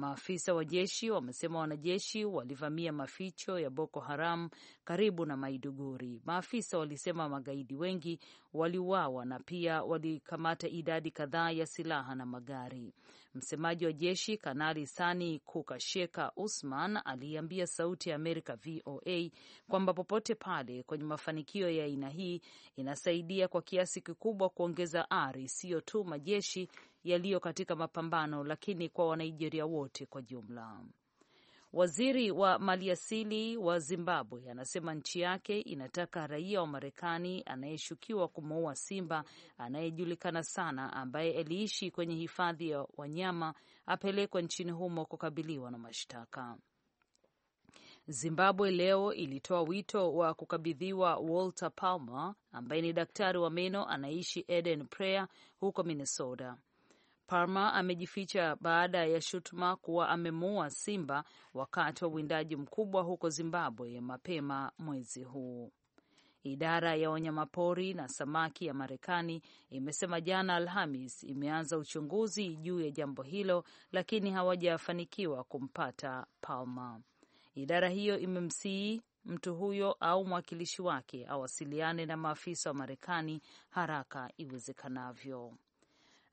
Maafisa wa jeshi wamesema wanajeshi walivamia maficho ya Boko Haram karibu na Maiduguri. Maafisa walisema magaidi wengi waliuawa na pia walikamata idadi kadhaa ya silaha na magari. Msemaji wa jeshi Kanali Sani Kukasheka Usman aliambia Sauti ya Amerika VOA kwamba popote pale kwenye mafanikio ya aina hii inasaidia kwa kiasi kikubwa kuongeza ari, siyo tu majeshi yaliyo katika mapambano, lakini kwa Wanaijeria wote kwa jumla. Waziri wa maliasili wa Zimbabwe anasema nchi yake inataka raia wa Marekani anayeshukiwa kumuua simba anayejulikana sana ambaye aliishi kwenye hifadhi ya wanyama apelekwe nchini humo kukabiliwa na mashtaka. Zimbabwe leo ilitoa wito wa kukabidhiwa Walter Palmer ambaye ni daktari wa meno anaishi Eden Prairie huko Minnesota. Parma amejificha baada ya shutuma kuwa amemuua simba wakati wa uwindaji mkubwa huko Zimbabwe ya mapema mwezi huu. Idara ya wanyamapori na samaki ya Marekani imesema jana Alhamis imeanza uchunguzi juu ya jambo hilo, lakini hawajafanikiwa kumpata Palma. Idara hiyo imemsihi mtu huyo au mwakilishi wake awasiliane na maafisa wa Marekani haraka iwezekanavyo.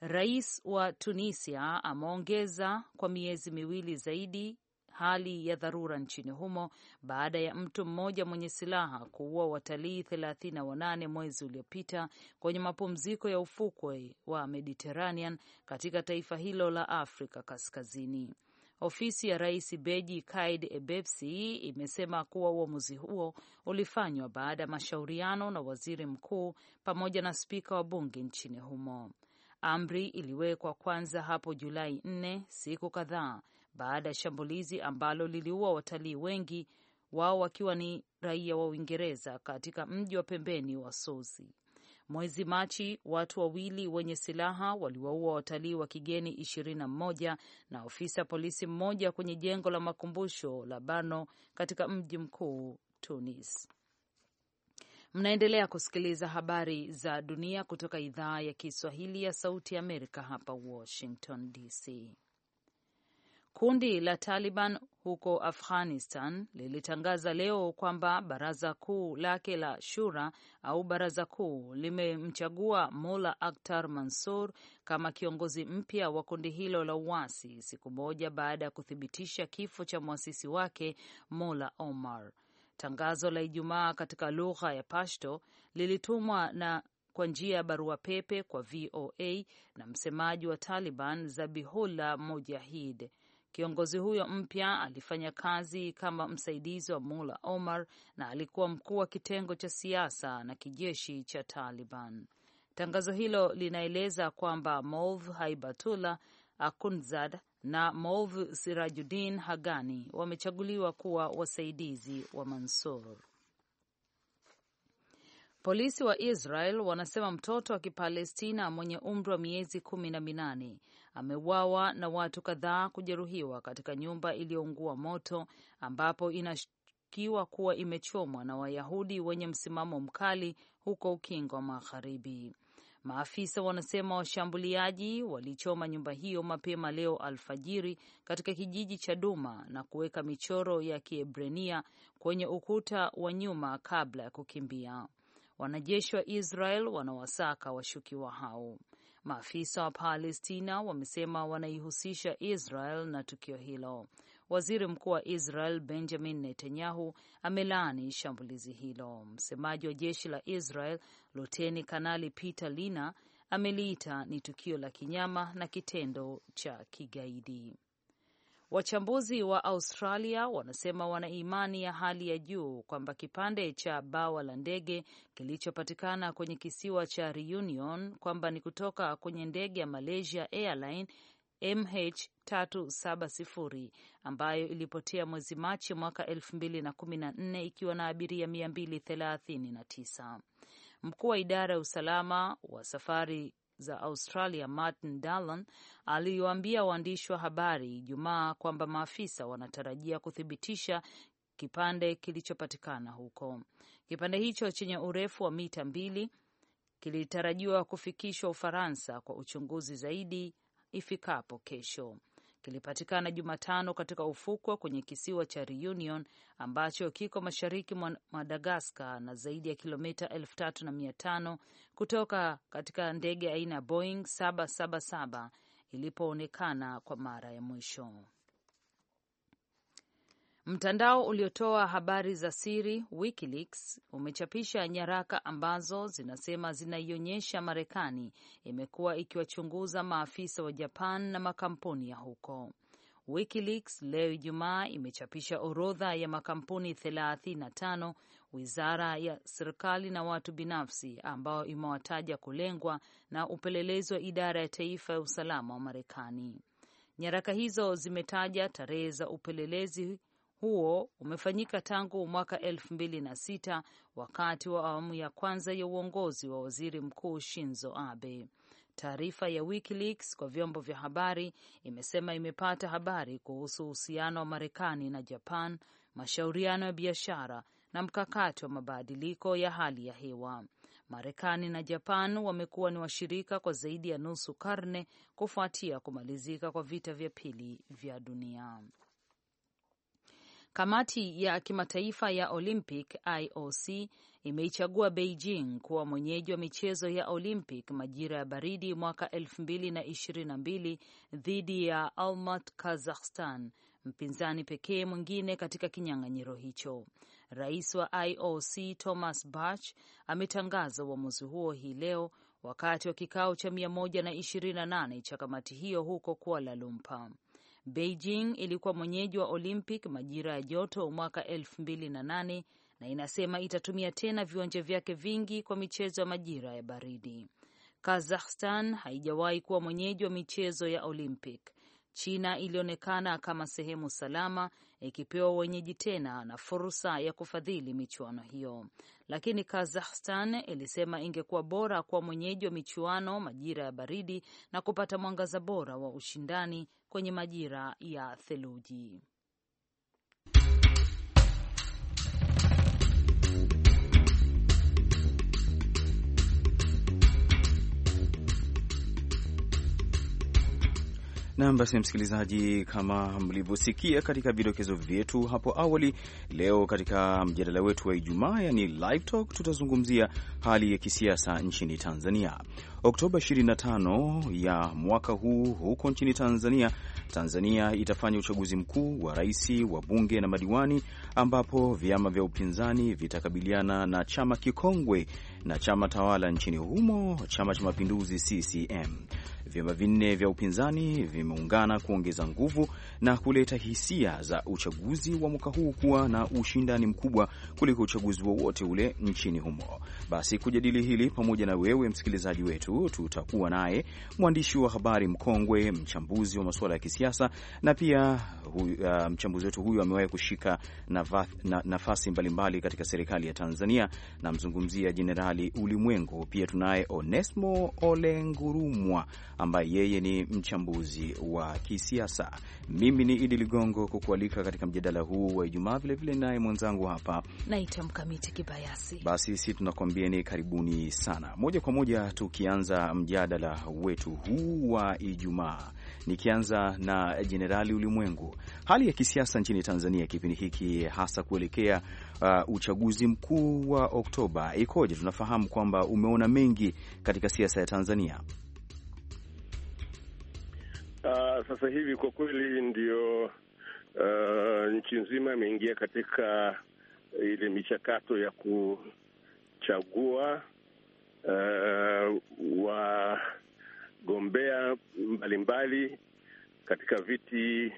Rais wa Tunisia ameongeza kwa miezi miwili zaidi hali ya dharura nchini humo baada ya mtu mmoja mwenye silaha kuua watalii 38 mwezi uliopita kwenye mapumziko ya ufukwe wa Mediterranean katika taifa hilo la Afrika Kaskazini. Ofisi ya Rais Beji kaid Ebepsi imesema kuwa uamuzi huo ulifanywa baada ya mashauriano na waziri mkuu pamoja na spika wa bunge nchini humo. Amri iliwekwa kwanza hapo Julai 4 siku kadhaa baada ya shambulizi ambalo liliua watalii wengi, wao wakiwa ni raia wa Uingereza katika mji wa pembeni wa Sozi. Mwezi Machi, watu wawili wenye silaha waliwaua watalii wa kigeni 21 na na ofisa polisi mmoja kwenye jengo la makumbusho la bano katika mji mkuu Tunis. Mnaendelea kusikiliza habari za dunia kutoka idhaa ya Kiswahili ya Sauti ya Amerika hapa Washington DC. Kundi la Taliban huko Afghanistan lilitangaza leo kwamba baraza kuu lake la shura au baraza kuu limemchagua Mola Akhtar Mansur kama kiongozi mpya wa kundi hilo la uasi siku moja baada ya kuthibitisha kifo cha mwasisi wake Mola Omar. Tangazo la Ijumaa katika lugha ya Pashto lilitumwa na kwa njia ya barua pepe kwa VOA na msemaji wa Taliban Zabihullah Mujahid. Kiongozi huyo mpya alifanya kazi kama msaidizi wa Mula Omar na alikuwa mkuu wa kitengo cha siasa na kijeshi cha Taliban. Tangazo hilo linaeleza kwamba Mov Haibatullah Akunzad na mov Sirajuddin Hagani wamechaguliwa kuwa wasaidizi wa Mansour. Polisi wa Israel wanasema mtoto wa Kipalestina mwenye umri wa miezi kumi na minane ameuawa na watu kadhaa kujeruhiwa katika nyumba iliyoungua moto ambapo inashukiwa kuwa imechomwa na Wayahudi wenye msimamo mkali huko Ukingo wa Magharibi. Maafisa wanasema washambuliaji walichoma nyumba hiyo mapema leo alfajiri katika kijiji cha Duma na kuweka michoro ya Kiebrania kwenye ukuta wa nyuma kabla ya kukimbia. Wanajeshi wa Israel wanawasaka washukiwa hao. Maafisa wa Palestina wamesema wanaihusisha Israel na tukio hilo. Waziri mkuu wa Israel Benjamin Netanyahu amelaani shambulizi hilo. Msemaji wa jeshi la Israel Luteni Kanali Peter Lina ameliita ni tukio la kinyama na kitendo cha kigaidi. Wachambuzi wa Australia wanasema wana imani ya hali ya juu kwamba kipande cha bawa la ndege kilichopatikana kwenye kisiwa cha Reunion kwamba ni kutoka kwenye ndege ya Malaysia Airline MH370 ambayo ilipotea mwezi Machi mwaka 2014 ikiwa na abiria 239. Mkuu wa idara ya usalama wa safari za Australia Martin Dallon aliwaambia waandishi wa habari Ijumaa kwamba maafisa wanatarajia kuthibitisha kipande kilichopatikana huko. Kipande hicho chenye urefu wa mita mbili kilitarajiwa kufikishwa Ufaransa kwa uchunguzi zaidi ifikapo kesho. Kilipatikana Jumatano katika ufukwe kwenye kisiwa cha Reunion ambacho kiko mashariki mwa Madagaskar na zaidi ya kilomita elfu na kutoka katika ndege aina ya Boeing 777 ilipoonekana kwa mara ya mwisho. Mtandao uliotoa habari za siri WikiLeaks umechapisha nyaraka ambazo zinasema zinaionyesha Marekani imekuwa ikiwachunguza maafisa wa Japan na makampuni ya huko. WikiLeaks leo Ijumaa imechapisha orodha ya makampuni 35 wizara ya serikali na watu binafsi ambao imewataja kulengwa na upelelezi wa idara ya taifa ya usalama wa Marekani. Nyaraka hizo zimetaja tarehe za upelelezi huo umefanyika tangu mwaka elfu mbili na sita wakati wa awamu ya kwanza ya uongozi wa waziri mkuu Shinzo Abe. Taarifa ya WikiLeaks kwa vyombo vya habari imesema imepata habari kuhusu uhusiano wa Marekani na Japan, mashauriano ya biashara na mkakati wa mabadiliko ya hali ya hewa. Marekani na Japan wamekuwa ni washirika kwa zaidi ya nusu karne kufuatia kumalizika kwa vita vya pili vya dunia. Kamati ya kimataifa ya Olympic IOC imeichagua Beijing kuwa mwenyeji wa michezo ya Olympic majira ya baridi mwaka 2022 dhidi ya Almat, Kazakhstan, mpinzani pekee mwingine katika kinyang'anyiro hicho. Rais wa IOC Thomas Bach ametangaza uamuzi huo hii leo wakati wa kikao cha 128 cha kamati hiyo huko Kuala Lumpur. Beijing ilikuwa mwenyeji wa Olympic majira ya joto mwaka elfu na na inasema itatumia tena viwanja vyake vingi kwa michezo ya majira ya baridi. Kazakhstan haijawahi kuwa mwenyeji wa michezo ya Olympic. China ilionekana kama sehemu salama ikipewa wenyeji tena na fursa ya kufadhili michuano hiyo, lakini Kazakhstan ilisema ingekuwa bora kuwa mwenyeji wa michuano majira ya baridi na kupata mwangaza bora wa ushindani kwenye majira ya theluji. Nam, basi msikilizaji, kama mlivyosikia katika vidokezo vyetu hapo awali, leo katika mjadala wetu wa Ijumaa, yani live talk, tutazungumzia hali ya kisiasa nchini Tanzania. Oktoba 25 ya mwaka huu huko nchini Tanzania, Tanzania itafanya uchaguzi mkuu wa rais, wa bunge na madiwani, ambapo vyama vya upinzani vitakabiliana na chama kikongwe na chama tawala nchini humo, Chama cha Mapinduzi, CCM vyama vinne vya upinzani vimeungana kuongeza nguvu na kuleta hisia za uchaguzi wa mwaka huu kuwa na ushindani mkubwa kuliko uchaguzi wowote ule nchini humo. Basi kujadili hili pamoja na wewe msikilizaji wetu, tutakuwa naye mwandishi wa habari mkongwe, mchambuzi wa masuala ya kisiasa na pia hu, uh, mchambuzi wetu huyu amewahi kushika nafasi na, na mbalimbali katika serikali ya Tanzania. Namzungumzia Jenerali Ulimwengu. Pia tunaye Onesmo Olengurumwa ambaye yeye ni mchambuzi wa kisiasa. Mimi ni Idi Ligongo kukualika katika mjadala huu wa Ijumaa, vilevile naye mwenzangu hapa naitwa Mkamiti Kibayasi. Basi si tunakuambia ni karibuni sana. Moja kwa moja tukianza mjadala wetu huu wa Ijumaa, nikianza na Jenerali Ulimwengu, hali ya kisiasa nchini Tanzania kipindi hiki hasa kuelekea uh, uchaguzi mkuu wa Oktoba ikoje? Tunafahamu kwamba umeona mengi katika siasa ya Tanzania. Uh, sasa hivi kwa kweli ndio uh, nchi nzima imeingia katika ile michakato ya kuchagua uh, wagombea mbalimbali katika viti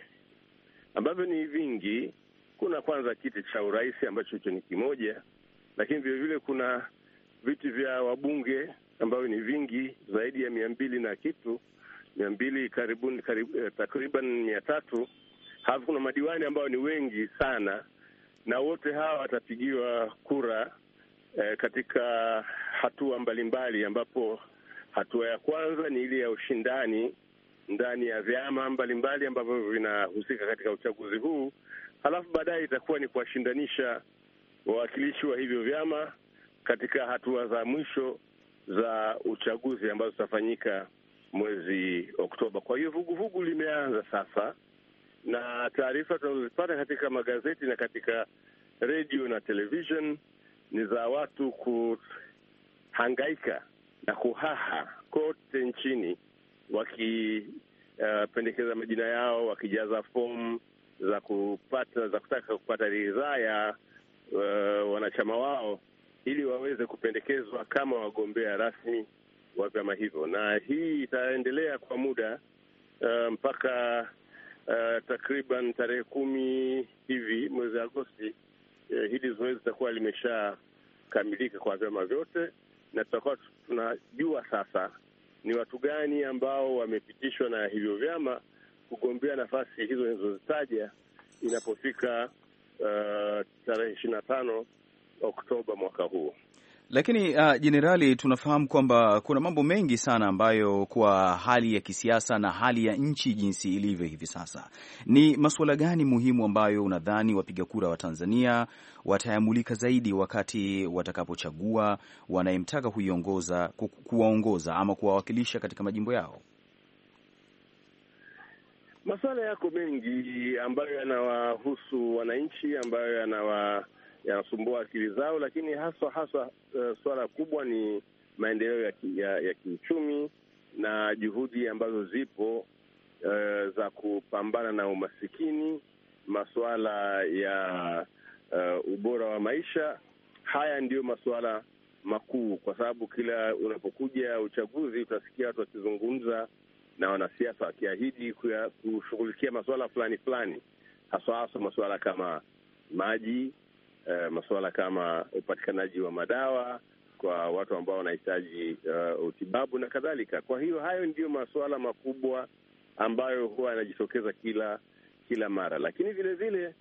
ambavyo ni vingi. Kuna kwanza kiti cha urais ambacho hicho ni kimoja, lakini vilevile kuna viti vya wabunge ambavyo ni vingi zaidi ya mia mbili na kitu mia mbili karibuni karibu, eh, takriban mia tatu halafu kuna madiwani ambayo ni wengi sana, na wote hawa watapigiwa kura eh, katika hatua mbalimbali, ambapo hatua ya kwanza ni ile ya ushindani ndani ya vyama mbalimbali ambavyo vinahusika katika uchaguzi huu, halafu baadaye itakuwa ni kuwashindanisha wawakilishi wa hivyo vyama katika hatua za mwisho za uchaguzi ambazo zitafanyika mwezi Oktoba. Kwa hiyo vuguvugu limeanza sasa, na taarifa tunazozipata katika magazeti na katika redio na television ni za watu kuhangaika na kuhaha kote nchini wakipendekeza uh, majina yao, wakijaza fomu za kupata za kutaka kupata ridhaa ya uh, wanachama wao ili waweze kupendekezwa kama wagombea rasmi wa vyama hivyo, na hii itaendelea kwa muda uh, mpaka uh, takriban tarehe kumi hivi mwezi Agosti. Uh, hili zoezi litakuwa limeshakamilika kwa vyama vyote, na tutakuwa tunajua sasa ni watu gani ambao wamepitishwa na hivyo vyama kugombea nafasi hizo inazozitaja inapofika uh, tarehe ishirini na tano Oktoba mwaka huu. Lakini uh, jenerali, tunafahamu kwamba kuna mambo mengi sana ambayo kwa hali ya kisiasa na hali ya nchi jinsi ilivyo hivi sasa, ni masuala gani muhimu ambayo unadhani wapiga kura wa Tanzania watayamulika zaidi wakati watakapochagua wanayemtaka kuiongoza ku, kuwaongoza ama kuwawakilisha katika majimbo yao? Masuala yako mengi ambayo yanawahusu wananchi ambayo yanawa yanasumbua akili zao, lakini haswa haswa uh, suala kubwa ni maendeleo ya, ki, ya, ya kiuchumi na juhudi ambazo zipo uh, za kupambana na umasikini, masuala ya uh, ubora wa maisha. Haya ndiyo masuala makuu, kwa sababu kila unapokuja uchaguzi utasikia watu wakizungumza na wanasiasa wakiahidi kushughulikia masuala fulani fulani, haswa haswa masuala kama maji, eh, masuala kama upatikanaji wa madawa kwa watu ambao wanahitaji uh, utibabu na kadhalika. Kwa hiyo hayo ndiyo masuala makubwa ambayo huwa yanajitokeza kila kila mara, lakini vile vile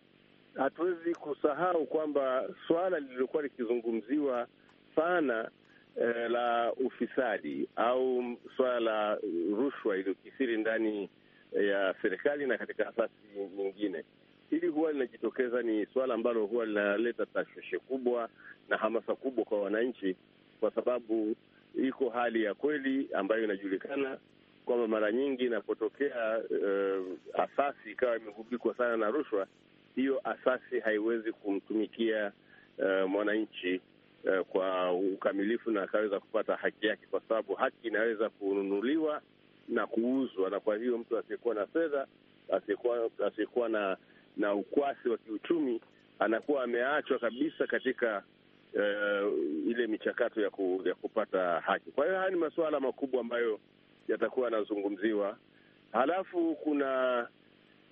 hatuwezi kusahau kwamba suala lililokuwa likizungumziwa sana eh, la ufisadi au suala la rushwa iliyokithiri ndani ya serikali na katika asasi nyingine hili huwa linajitokeza, ni suala ambalo huwa linaleta tashwishi kubwa na hamasa kubwa kwa wananchi, kwa sababu iko hali ya kweli ambayo inajulikana kwamba mara nyingi inapotokea uh, asasi ikawa imegubikwa sana na rushwa, hiyo asasi haiwezi kumtumikia uh, mwananchi uh, kwa ukamilifu na akaweza kupata haki yake, kwa sababu haki inaweza kununuliwa na kuuzwa, na kwa hiyo mtu asiyekuwa na fedha asiyekuwa na na ukwasi wa kiuchumi, anakuwa ameachwa kabisa katika uh, ile michakato ya, ku, ya kupata haki. Kwa hiyo haya ni masuala makubwa ambayo yatakuwa yanazungumziwa. Halafu kuna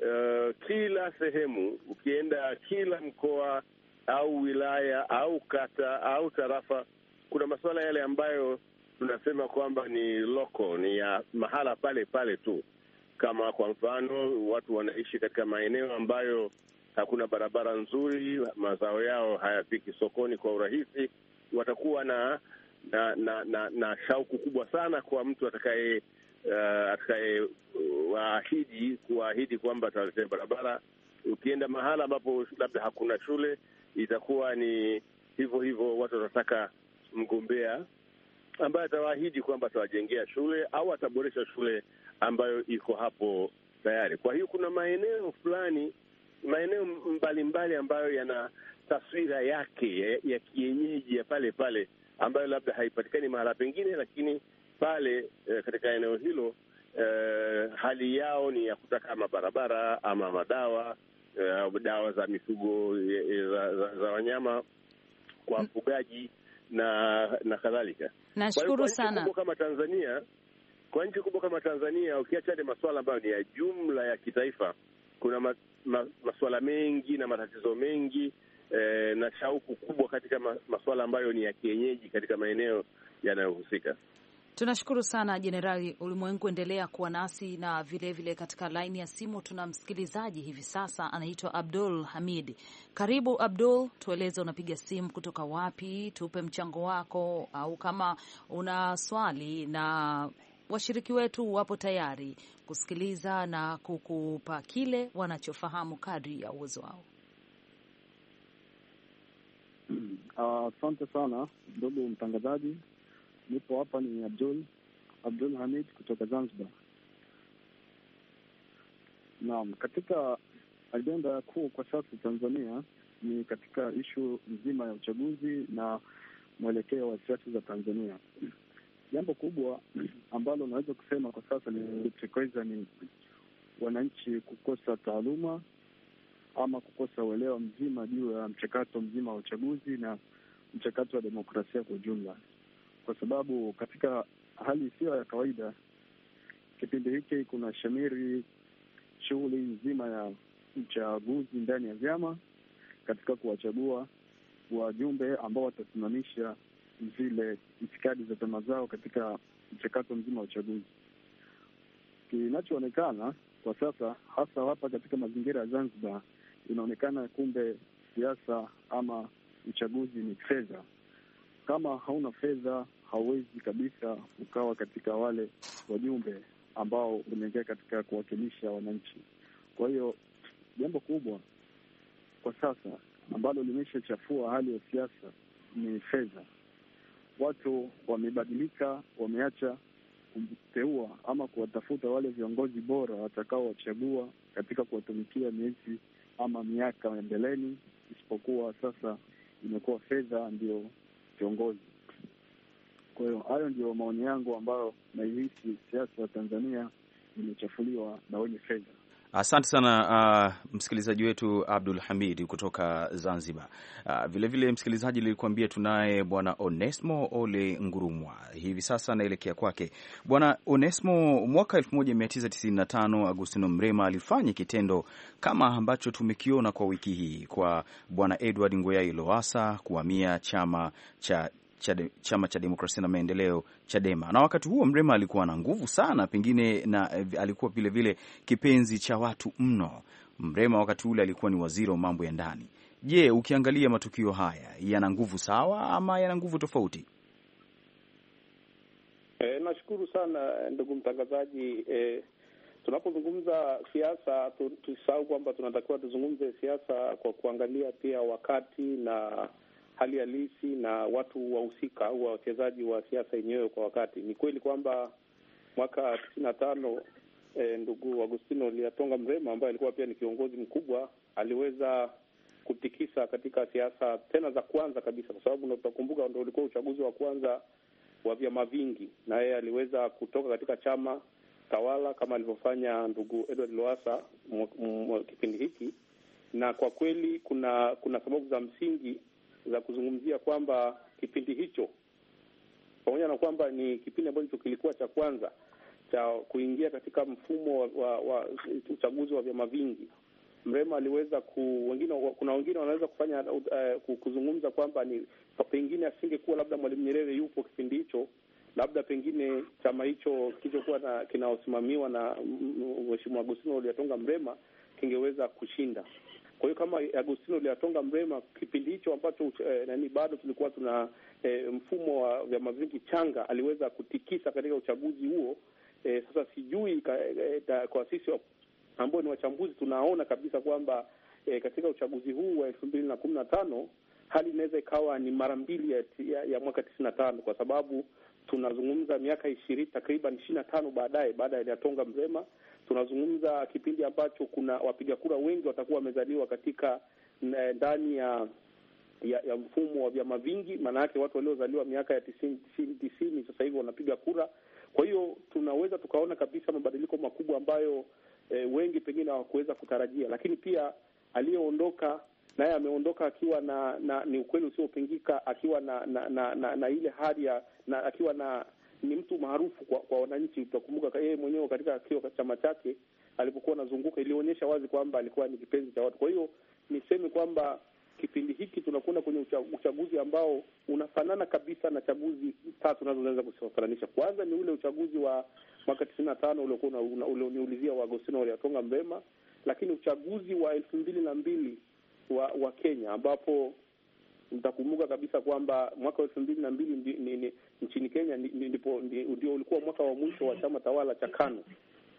uh, kila sehemu ukienda, kila mkoa au wilaya au kata au tarafa, kuna masuala yale ambayo tunasema kwamba ni loko, ni ya mahala pale pale tu kama kwa mfano watu wanaishi katika maeneo ambayo hakuna barabara nzuri, mazao yao hayafiki sokoni kwa urahisi, watakuwa na na na, na, na shauku kubwa sana kwa mtu atakaye uh, atakayewaahidi uh, kuwaahidi kwamba atawaletea barabara. Ukienda mahala ambapo labda hakuna shule, itakuwa ni hivyo hivyo, watu watataka mgombea ambaye atawaahidi kwamba atawajengea shule au ataboresha shule ambayo iko hapo tayari. Kwa hiyo kuna maeneo fulani, maeneo mbalimbali mbali ambayo yana taswira yake ya, ya kienyeji ya pale pale ambayo labda haipatikani mahala pengine, lakini pale eh, katika eneo hilo eh, hali yao ni ya kutaka mabarabara ama madawa eh, dawa za mifugo eh, eh za, za, za wanyama kwa mfugaji mm. na na kadhalika. Nashukuru sana kama Tanzania kwa nchi kubwa kama Tanzania, ukiacha yale masuala ambayo ni ya jumla ya kitaifa, kuna ma, ma, masuala mengi na matatizo mengi eh, na shauku kubwa katika ma, masuala ambayo ni ya kienyeji katika maeneo yanayohusika. Tunashukuru sana Jenerali Ulimwengu, endelea kuwa nasi na vilevile vile. Katika laini ya simu tuna msikilizaji hivi sasa anaitwa Abdul Hamid. Karibu Abdul, tueleze unapiga simu kutoka wapi, tupe mchango wako, au kama una swali na washiriki wetu wapo tayari kusikiliza na kukupa kile wanachofahamu kadri ya uwezo wao. Mm, asante uh, sana ndugu mtangazaji. Nipo hapa ni Abdul Abdul Hamid kutoka Zanzibar. Naam, katika ajenda kuu kwa sasa Tanzania ni katika ishu nzima ya uchaguzi na mwelekeo wa siasa za Tanzania. Jambo kubwa ambalo unaweza kusema kwa sasa ni tekeleza ni wananchi kukosa taaluma ama kukosa uelewa mzima juu ya mchakato mzima wa uchaguzi na mchakato wa demokrasia kwa ujumla, kwa sababu katika hali isiyo ya kawaida kipindi hiki kuna shamiri shughuli nzima ya uchaguzi ndani ya vyama katika kuwachagua wajumbe ambao watasimamisha zile itikadi za chama zao katika mchakato mzima wa uchaguzi. Kinachoonekana kwa sasa, hasa hapa katika mazingira ya Zanzibar, inaonekana kumbe siasa ama uchaguzi ni fedha. Kama hauna fedha, hauwezi kabisa ukawa katika wale wajumbe ambao unaingia katika kuwakilisha wananchi. Kwa hiyo jambo kubwa kwa sasa ambalo limeshachafua hali ya siasa ni fedha watu wamebadilika, wameacha kuteua ama kuwatafuta wale viongozi bora watakaowachagua katika kuwatumikia miezi ama miaka mbeleni, isipokuwa sasa imekuwa fedha ndio kiongozi. Kwa hiyo hayo ndio maoni yangu ambayo naihisi siasa ya Tanzania imechafuliwa na wenye fedha. Asante sana uh, msikilizaji wetu Abdul Hamid kutoka Zanzibar. Uh, vilevile msikilizaji, nilikuambia tunaye bwana Onesmo Ole Ngurumwa, hivi sasa anaelekea kwake. Bwana Onesmo, mwaka 1995 Agustino Mrema alifanya kitendo kama ambacho tumekiona kwa wiki hii kwa bwana Edward Ngoyai Lowasa kuhamia chama cha chade, chama cha demokrasia na maendeleo Chadema, na wakati huo Mrema alikuwa na nguvu sana, pengine na eh, alikuwa vilevile kipenzi cha watu mno. Mrema wakati ule alikuwa ni waziri wa mambo ya ndani. Je, ukiangalia matukio haya yana nguvu sawa ama yana nguvu tofauti? E, nashukuru sana eh, ndugu mtangazaji. E, tunapozungumza siasa tusisahau kwamba tunatakiwa tuzungumze siasa kwa kuangalia pia wakati na hali halisi na watu wahusika au wachezaji wa siasa yenyewe kwa wakati. Ni kweli kwamba mwaka tisini na tano eh, ndugu Agustino Liatonga Mrema ambaye alikuwa pia ni kiongozi mkubwa aliweza kutikisa katika siasa tena za kwanza kabisa, kwa sababu utakumbuka ndo ulikuwa uchaguzi wa kwanza wa vyama vingi, na yeye aliweza kutoka katika chama tawala kama alivyofanya ndugu Edward Lowassa kipindi hiki, na kwa kweli kuna kuna sababu za msingi za kuzungumzia kwamba kipindi hicho pamoja na kwamba ni kipindi ambacho kilikuwa cha kwanza cha kuingia katika mfumo wa, wa uchaguzi wa vyama vingi, Mrema aliweza ku, wengine, kuna wengine wanaweza kufanya uh, kuzungumza kwamba ni pengine asingekuwa labda Mwalimu Nyerere yupo kipindi hicho, labda pengine chama hicho kilichokuwa kinaosimamiwa na mm, mm, Mheshimiwa Agustino Lyatonga Mrema kingeweza kushinda. Kwa hiyo kama Agustino Lyatonga Mrema, kipindi hicho ambacho eh, nani bado tulikuwa tuna eh, mfumo wa vyama vingi changa, aliweza kutikisa katika uchaguzi huo. Eh, sasa sijui ka, eh, kwa sisi ambao ni wachambuzi tunaona kabisa kwamba eh, katika uchaguzi huu wa elfu mbili na kumi na tano hali inaweza ikawa ni mara mbili ya, ya, ya mwaka tisini na tano kwa sababu tunazungumza miaka ishirini takriban ishirini na tano baadaye baada ya Lyatonga Mrema tunazungumza kipindi ambacho kuna wapiga kura wengi watakuwa wamezaliwa katika eh, ndani ya ya, ya mfumo wa vyama vingi. Maana yake watu waliozaliwa miaka ya tisini, tisini, tisini sasa hivi wanapiga kura. Kwa hiyo tunaweza tukaona kabisa mabadiliko makubwa ambayo e, wengi pengine hawakuweza kutarajia, lakini pia aliyeondoka naye ameondoka akiwa na, na ni ukweli usiopingika akiwa na na, na, na, na ile hali ya na, akiwa na ni mtu maarufu kwa, kwa wananchi. Utakumbuka yeye mwenyewe katika akiwa chama chake alipokuwa anazunguka ilionyesha wazi kwamba alikuwa ni kipenzi cha watu. Kwa hiyo niseme kwamba kipindi hiki tunakwenda kwenye uchaguzi ambao unafanana kabisa na chaguzi tatu unazoweza kuzifananisha. Kwanza ni ule uchaguzi wa mwaka tisini na tano uliokuwa ulioniulizia wa Agostino Waliatonga Mbema, lakini uchaguzi wa elfu mbili na mbili wa wa Kenya ambapo mtakumbuka kabisa kwamba mwaka wa elfu mbili na mbili nchini Kenya ndipo ndio ulikuwa mwaka wa mwisho wa chama tawala cha KANU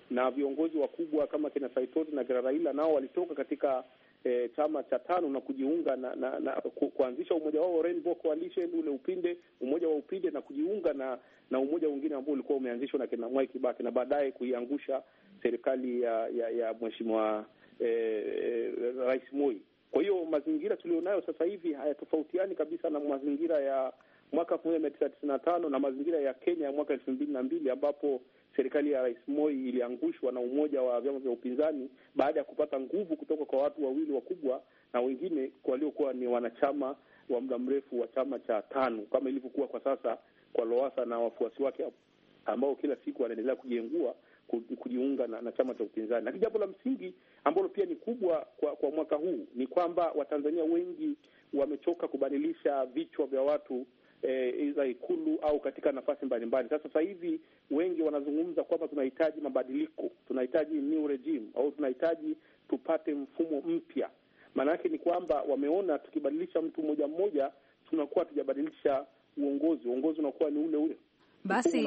na viongozi wakubwa kama kina Saitoti na kina Raila nao walitoka katika e, chama cha tano na kujiunga na, na, na ku, kuanzisha umoja wao Rainbow Coalition, ule upinde umoja wa upinde na kujiunga na na umoja mwingine ambao ulikuwa umeanzishwa na kina Mwai Kibaki na baadaye kuiangusha serikali ya ya, ya mheshimiwa e, e, Rais Moi. Kwa hiyo mazingira tulionayo sasa hivi hayatofautiani kabisa na mazingira ya mwaka elfu moja mia tisa tisini na tano na mazingira ya Kenya ya mwaka elfu mbili na mbili ambapo serikali ya Rais Moi iliangushwa na umoja wa vyama vya upinzani baada ya kupata nguvu kutoka kwa watu wawili wakubwa na wengine waliokuwa ni wanachama wa muda mrefu wa chama cha TANU kama ilivyokuwa kwa sasa kwa loasa na wafuasi wake ambao kila siku wanaendelea kujiengua kujiunga na, na chama cha upinzani. Lakini jambo la msingi ambalo pia ni kubwa kwa, kwa mwaka huu ni kwamba Watanzania wengi wamechoka kubadilisha vichwa vya watu E, za Ikulu au katika nafasi mbalimbali. Sasa sasa hivi wengi wanazungumza kwamba tunahitaji mabadiliko, tunahitaji new regime au tunahitaji tupate mfumo mpya. Maana yake ni kwamba wameona tukibadilisha mtu mmoja mmoja tunakuwa tujabadilisha uongozi, uongozi unakuwa ni ule ule. Basi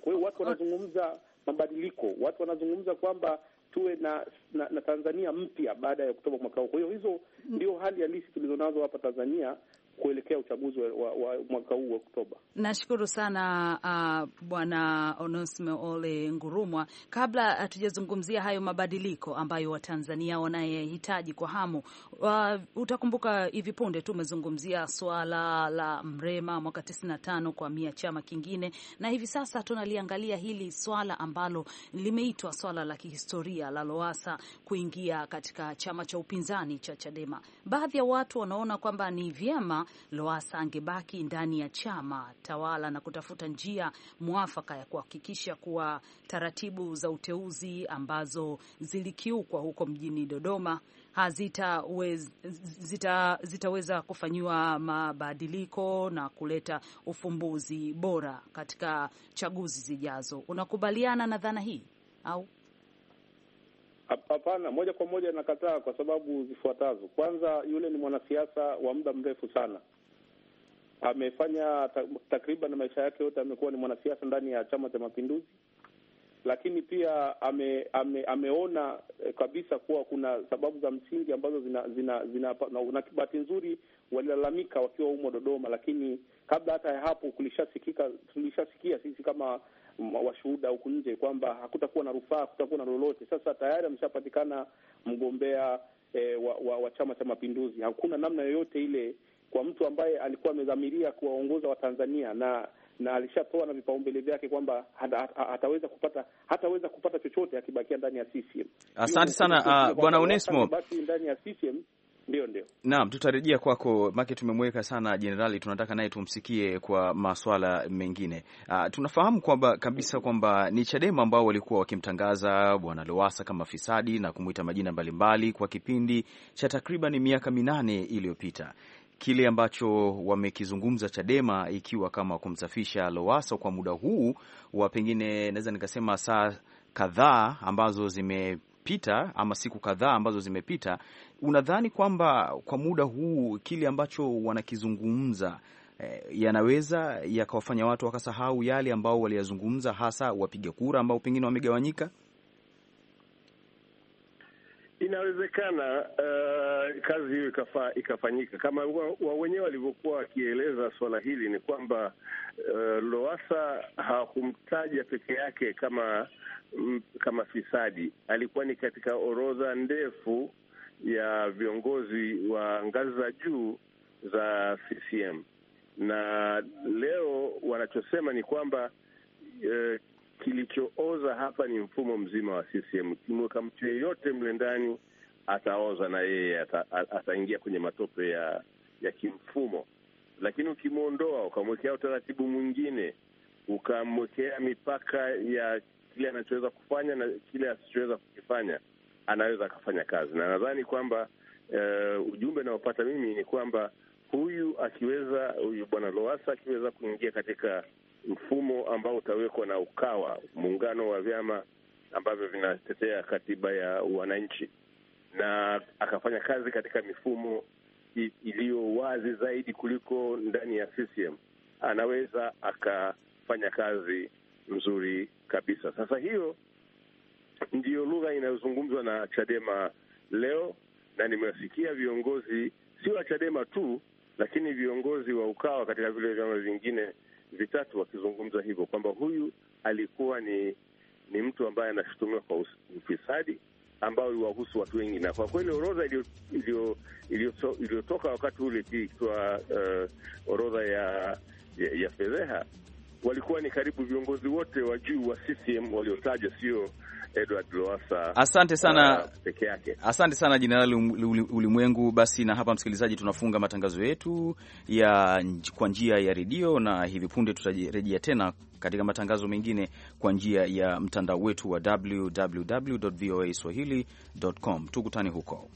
kwa hiyo watu wanazungumza mabadiliko. Watu wanazungumza kwamba tuwe na, na, na Tanzania mpya baada ya Oktoba mwaka huu. Kwa hiyo hizo mm. ndio hali halisi tulizonazo hapa Tanzania kuelekea uchaguzi wa, wa, wa mwaka huu wa Oktoba. Nashukuru sana uh, Bwana Onesme Ole Ngurumwa. Kabla hatujazungumzia hayo mabadiliko ambayo Watanzania wanayehitaji kwa hamu, uh, utakumbuka hivi punde tu umezungumzia swala la Mrema mwaka 95 kwa mia chama kingine, na hivi sasa tunaliangalia hili swala ambalo limeitwa swala la kihistoria la Lowassa kuingia katika chama cha upinzani cha Chadema. Baadhi ya watu wanaona kwamba ni vyema Loasa angebaki ndani ya chama tawala na kutafuta njia mwafaka ya kuhakikisha kuwa taratibu za uteuzi ambazo zilikiukwa huko mjini Dodoma hazitaweza zita, zitaweza kufanyiwa mabadiliko na kuleta ufumbuzi bora katika chaguzi zijazo. Unakubaliana na dhana hii au? Hapana, moja kwa moja nakataa kwa sababu zifuatazo. Kwanza, yule ni mwanasiasa wa muda mrefu sana, amefanya takriban maisha yake yote amekuwa ni mwanasiasa ndani ya Chama cha Mapinduzi, lakini pia ame, ame, ameona eh, kabisa kuwa kuna sababu za msingi ambazo zina, zina, zina na bahati nzuri walilalamika wakiwa humo Dodoma, lakini kabla hata ya hapo kulishasikia sisi kama washuhuda huku nje kwamba hakutakuwa na rufaa, hakutakuwa na lolote. Sasa tayari ameshapatikana mgombea e, wa, wa, wa Chama cha Mapinduzi. Hakuna namna yoyote ile kwa mtu ambaye alikuwa amedhamiria kuwaongoza Watanzania na na alishatoa na vipaumbele vyake kwamba hataweza kupata hataweza kupata chochote akibakia ndani ya CCM. Asante sana ah, bwana Onesmo, basi ndani ya CCM ndio, ndio. Naam, tutarejea kwako make tumemweka sana jenerali, tunataka naye tumsikie kwa maswala mengine. Uh, tunafahamu kwamba kabisa kwamba ni Chadema ambao walikuwa wakimtangaza bwana Lowasa kama fisadi na kumwita majina mbalimbali kwa kipindi cha takriban miaka minane iliyopita. Kile ambacho wamekizungumza Chadema ikiwa kama kumsafisha Lowasa kwa muda huu wa pengine naweza nikasema saa kadhaa ambazo zimepita ama siku kadhaa ambazo zimepita unadhani kwamba kwa muda huu kile ambacho wanakizungumza eh, yanaweza yakawafanya watu wakasahau yale ambao waliyazungumza, hasa wapiga kura ambao pengine wamegawanyika? Inawezekana uh, kazi hiyo ikafa, ikafanyika kama wa wenyewe walivyokuwa wakieleza. Suala hili ni kwamba uh, Lowassa hakumtaja peke yake kama m, mm, kama fisadi, alikuwa ni katika orodha ndefu ya viongozi wa ngazi za juu za CCM na leo wanachosema ni kwamba eh, kilichooza hapa ni mfumo mzima wa CCM. Kimweka mtu yeyote mle ndani ataoza na yeye ata, ataingia kwenye matope ya ya kimfumo, lakini ukimwondoa ukamwekea utaratibu mwingine, ukamwekea mipaka ya kile anachoweza kufanya na kile asichoweza kukifanya anaweza akafanya kazi, na nadhani kwamba uh, ujumbe naopata mimi ni kwamba huyu akiweza, huyu bwana loasa akiweza kuingia katika mfumo ambao utawekwa na Ukawa, muungano wa vyama ambavyo vinatetea katiba ya wananchi, na akafanya kazi katika mifumo iliyo wazi zaidi kuliko ndani ya CCM, anaweza akafanya kazi nzuri kabisa. Sasa hiyo ndiyo lugha inayozungumzwa na Chadema leo, na nimewasikia viongozi sio wa Chadema tu, lakini viongozi wa Ukawa katika vile vyama vingine vitatu wakizungumza hivyo kwamba huyu alikuwa ni ni mtu ambaye anashutumiwa kwa ufisadi ambao iwahusu watu wengi, na kwa kweli orodha iliyotoka wakati ule ikiitwa uh, orodha ya, ya, ya fedheha walikuwa ni karibu viongozi wote wa juu wa CCM waliotaja, sio Edward Asante sana uh, peke yake. Asante sana Jenerali Ulimwengu. Basi na hapa, msikilizaji, tunafunga matangazo yetu ya kwa njia ya redio, na hivi punde tutarejea tena katika matangazo mengine kwa njia ya mtandao wetu wa www voa swahili.com. Tukutane huko.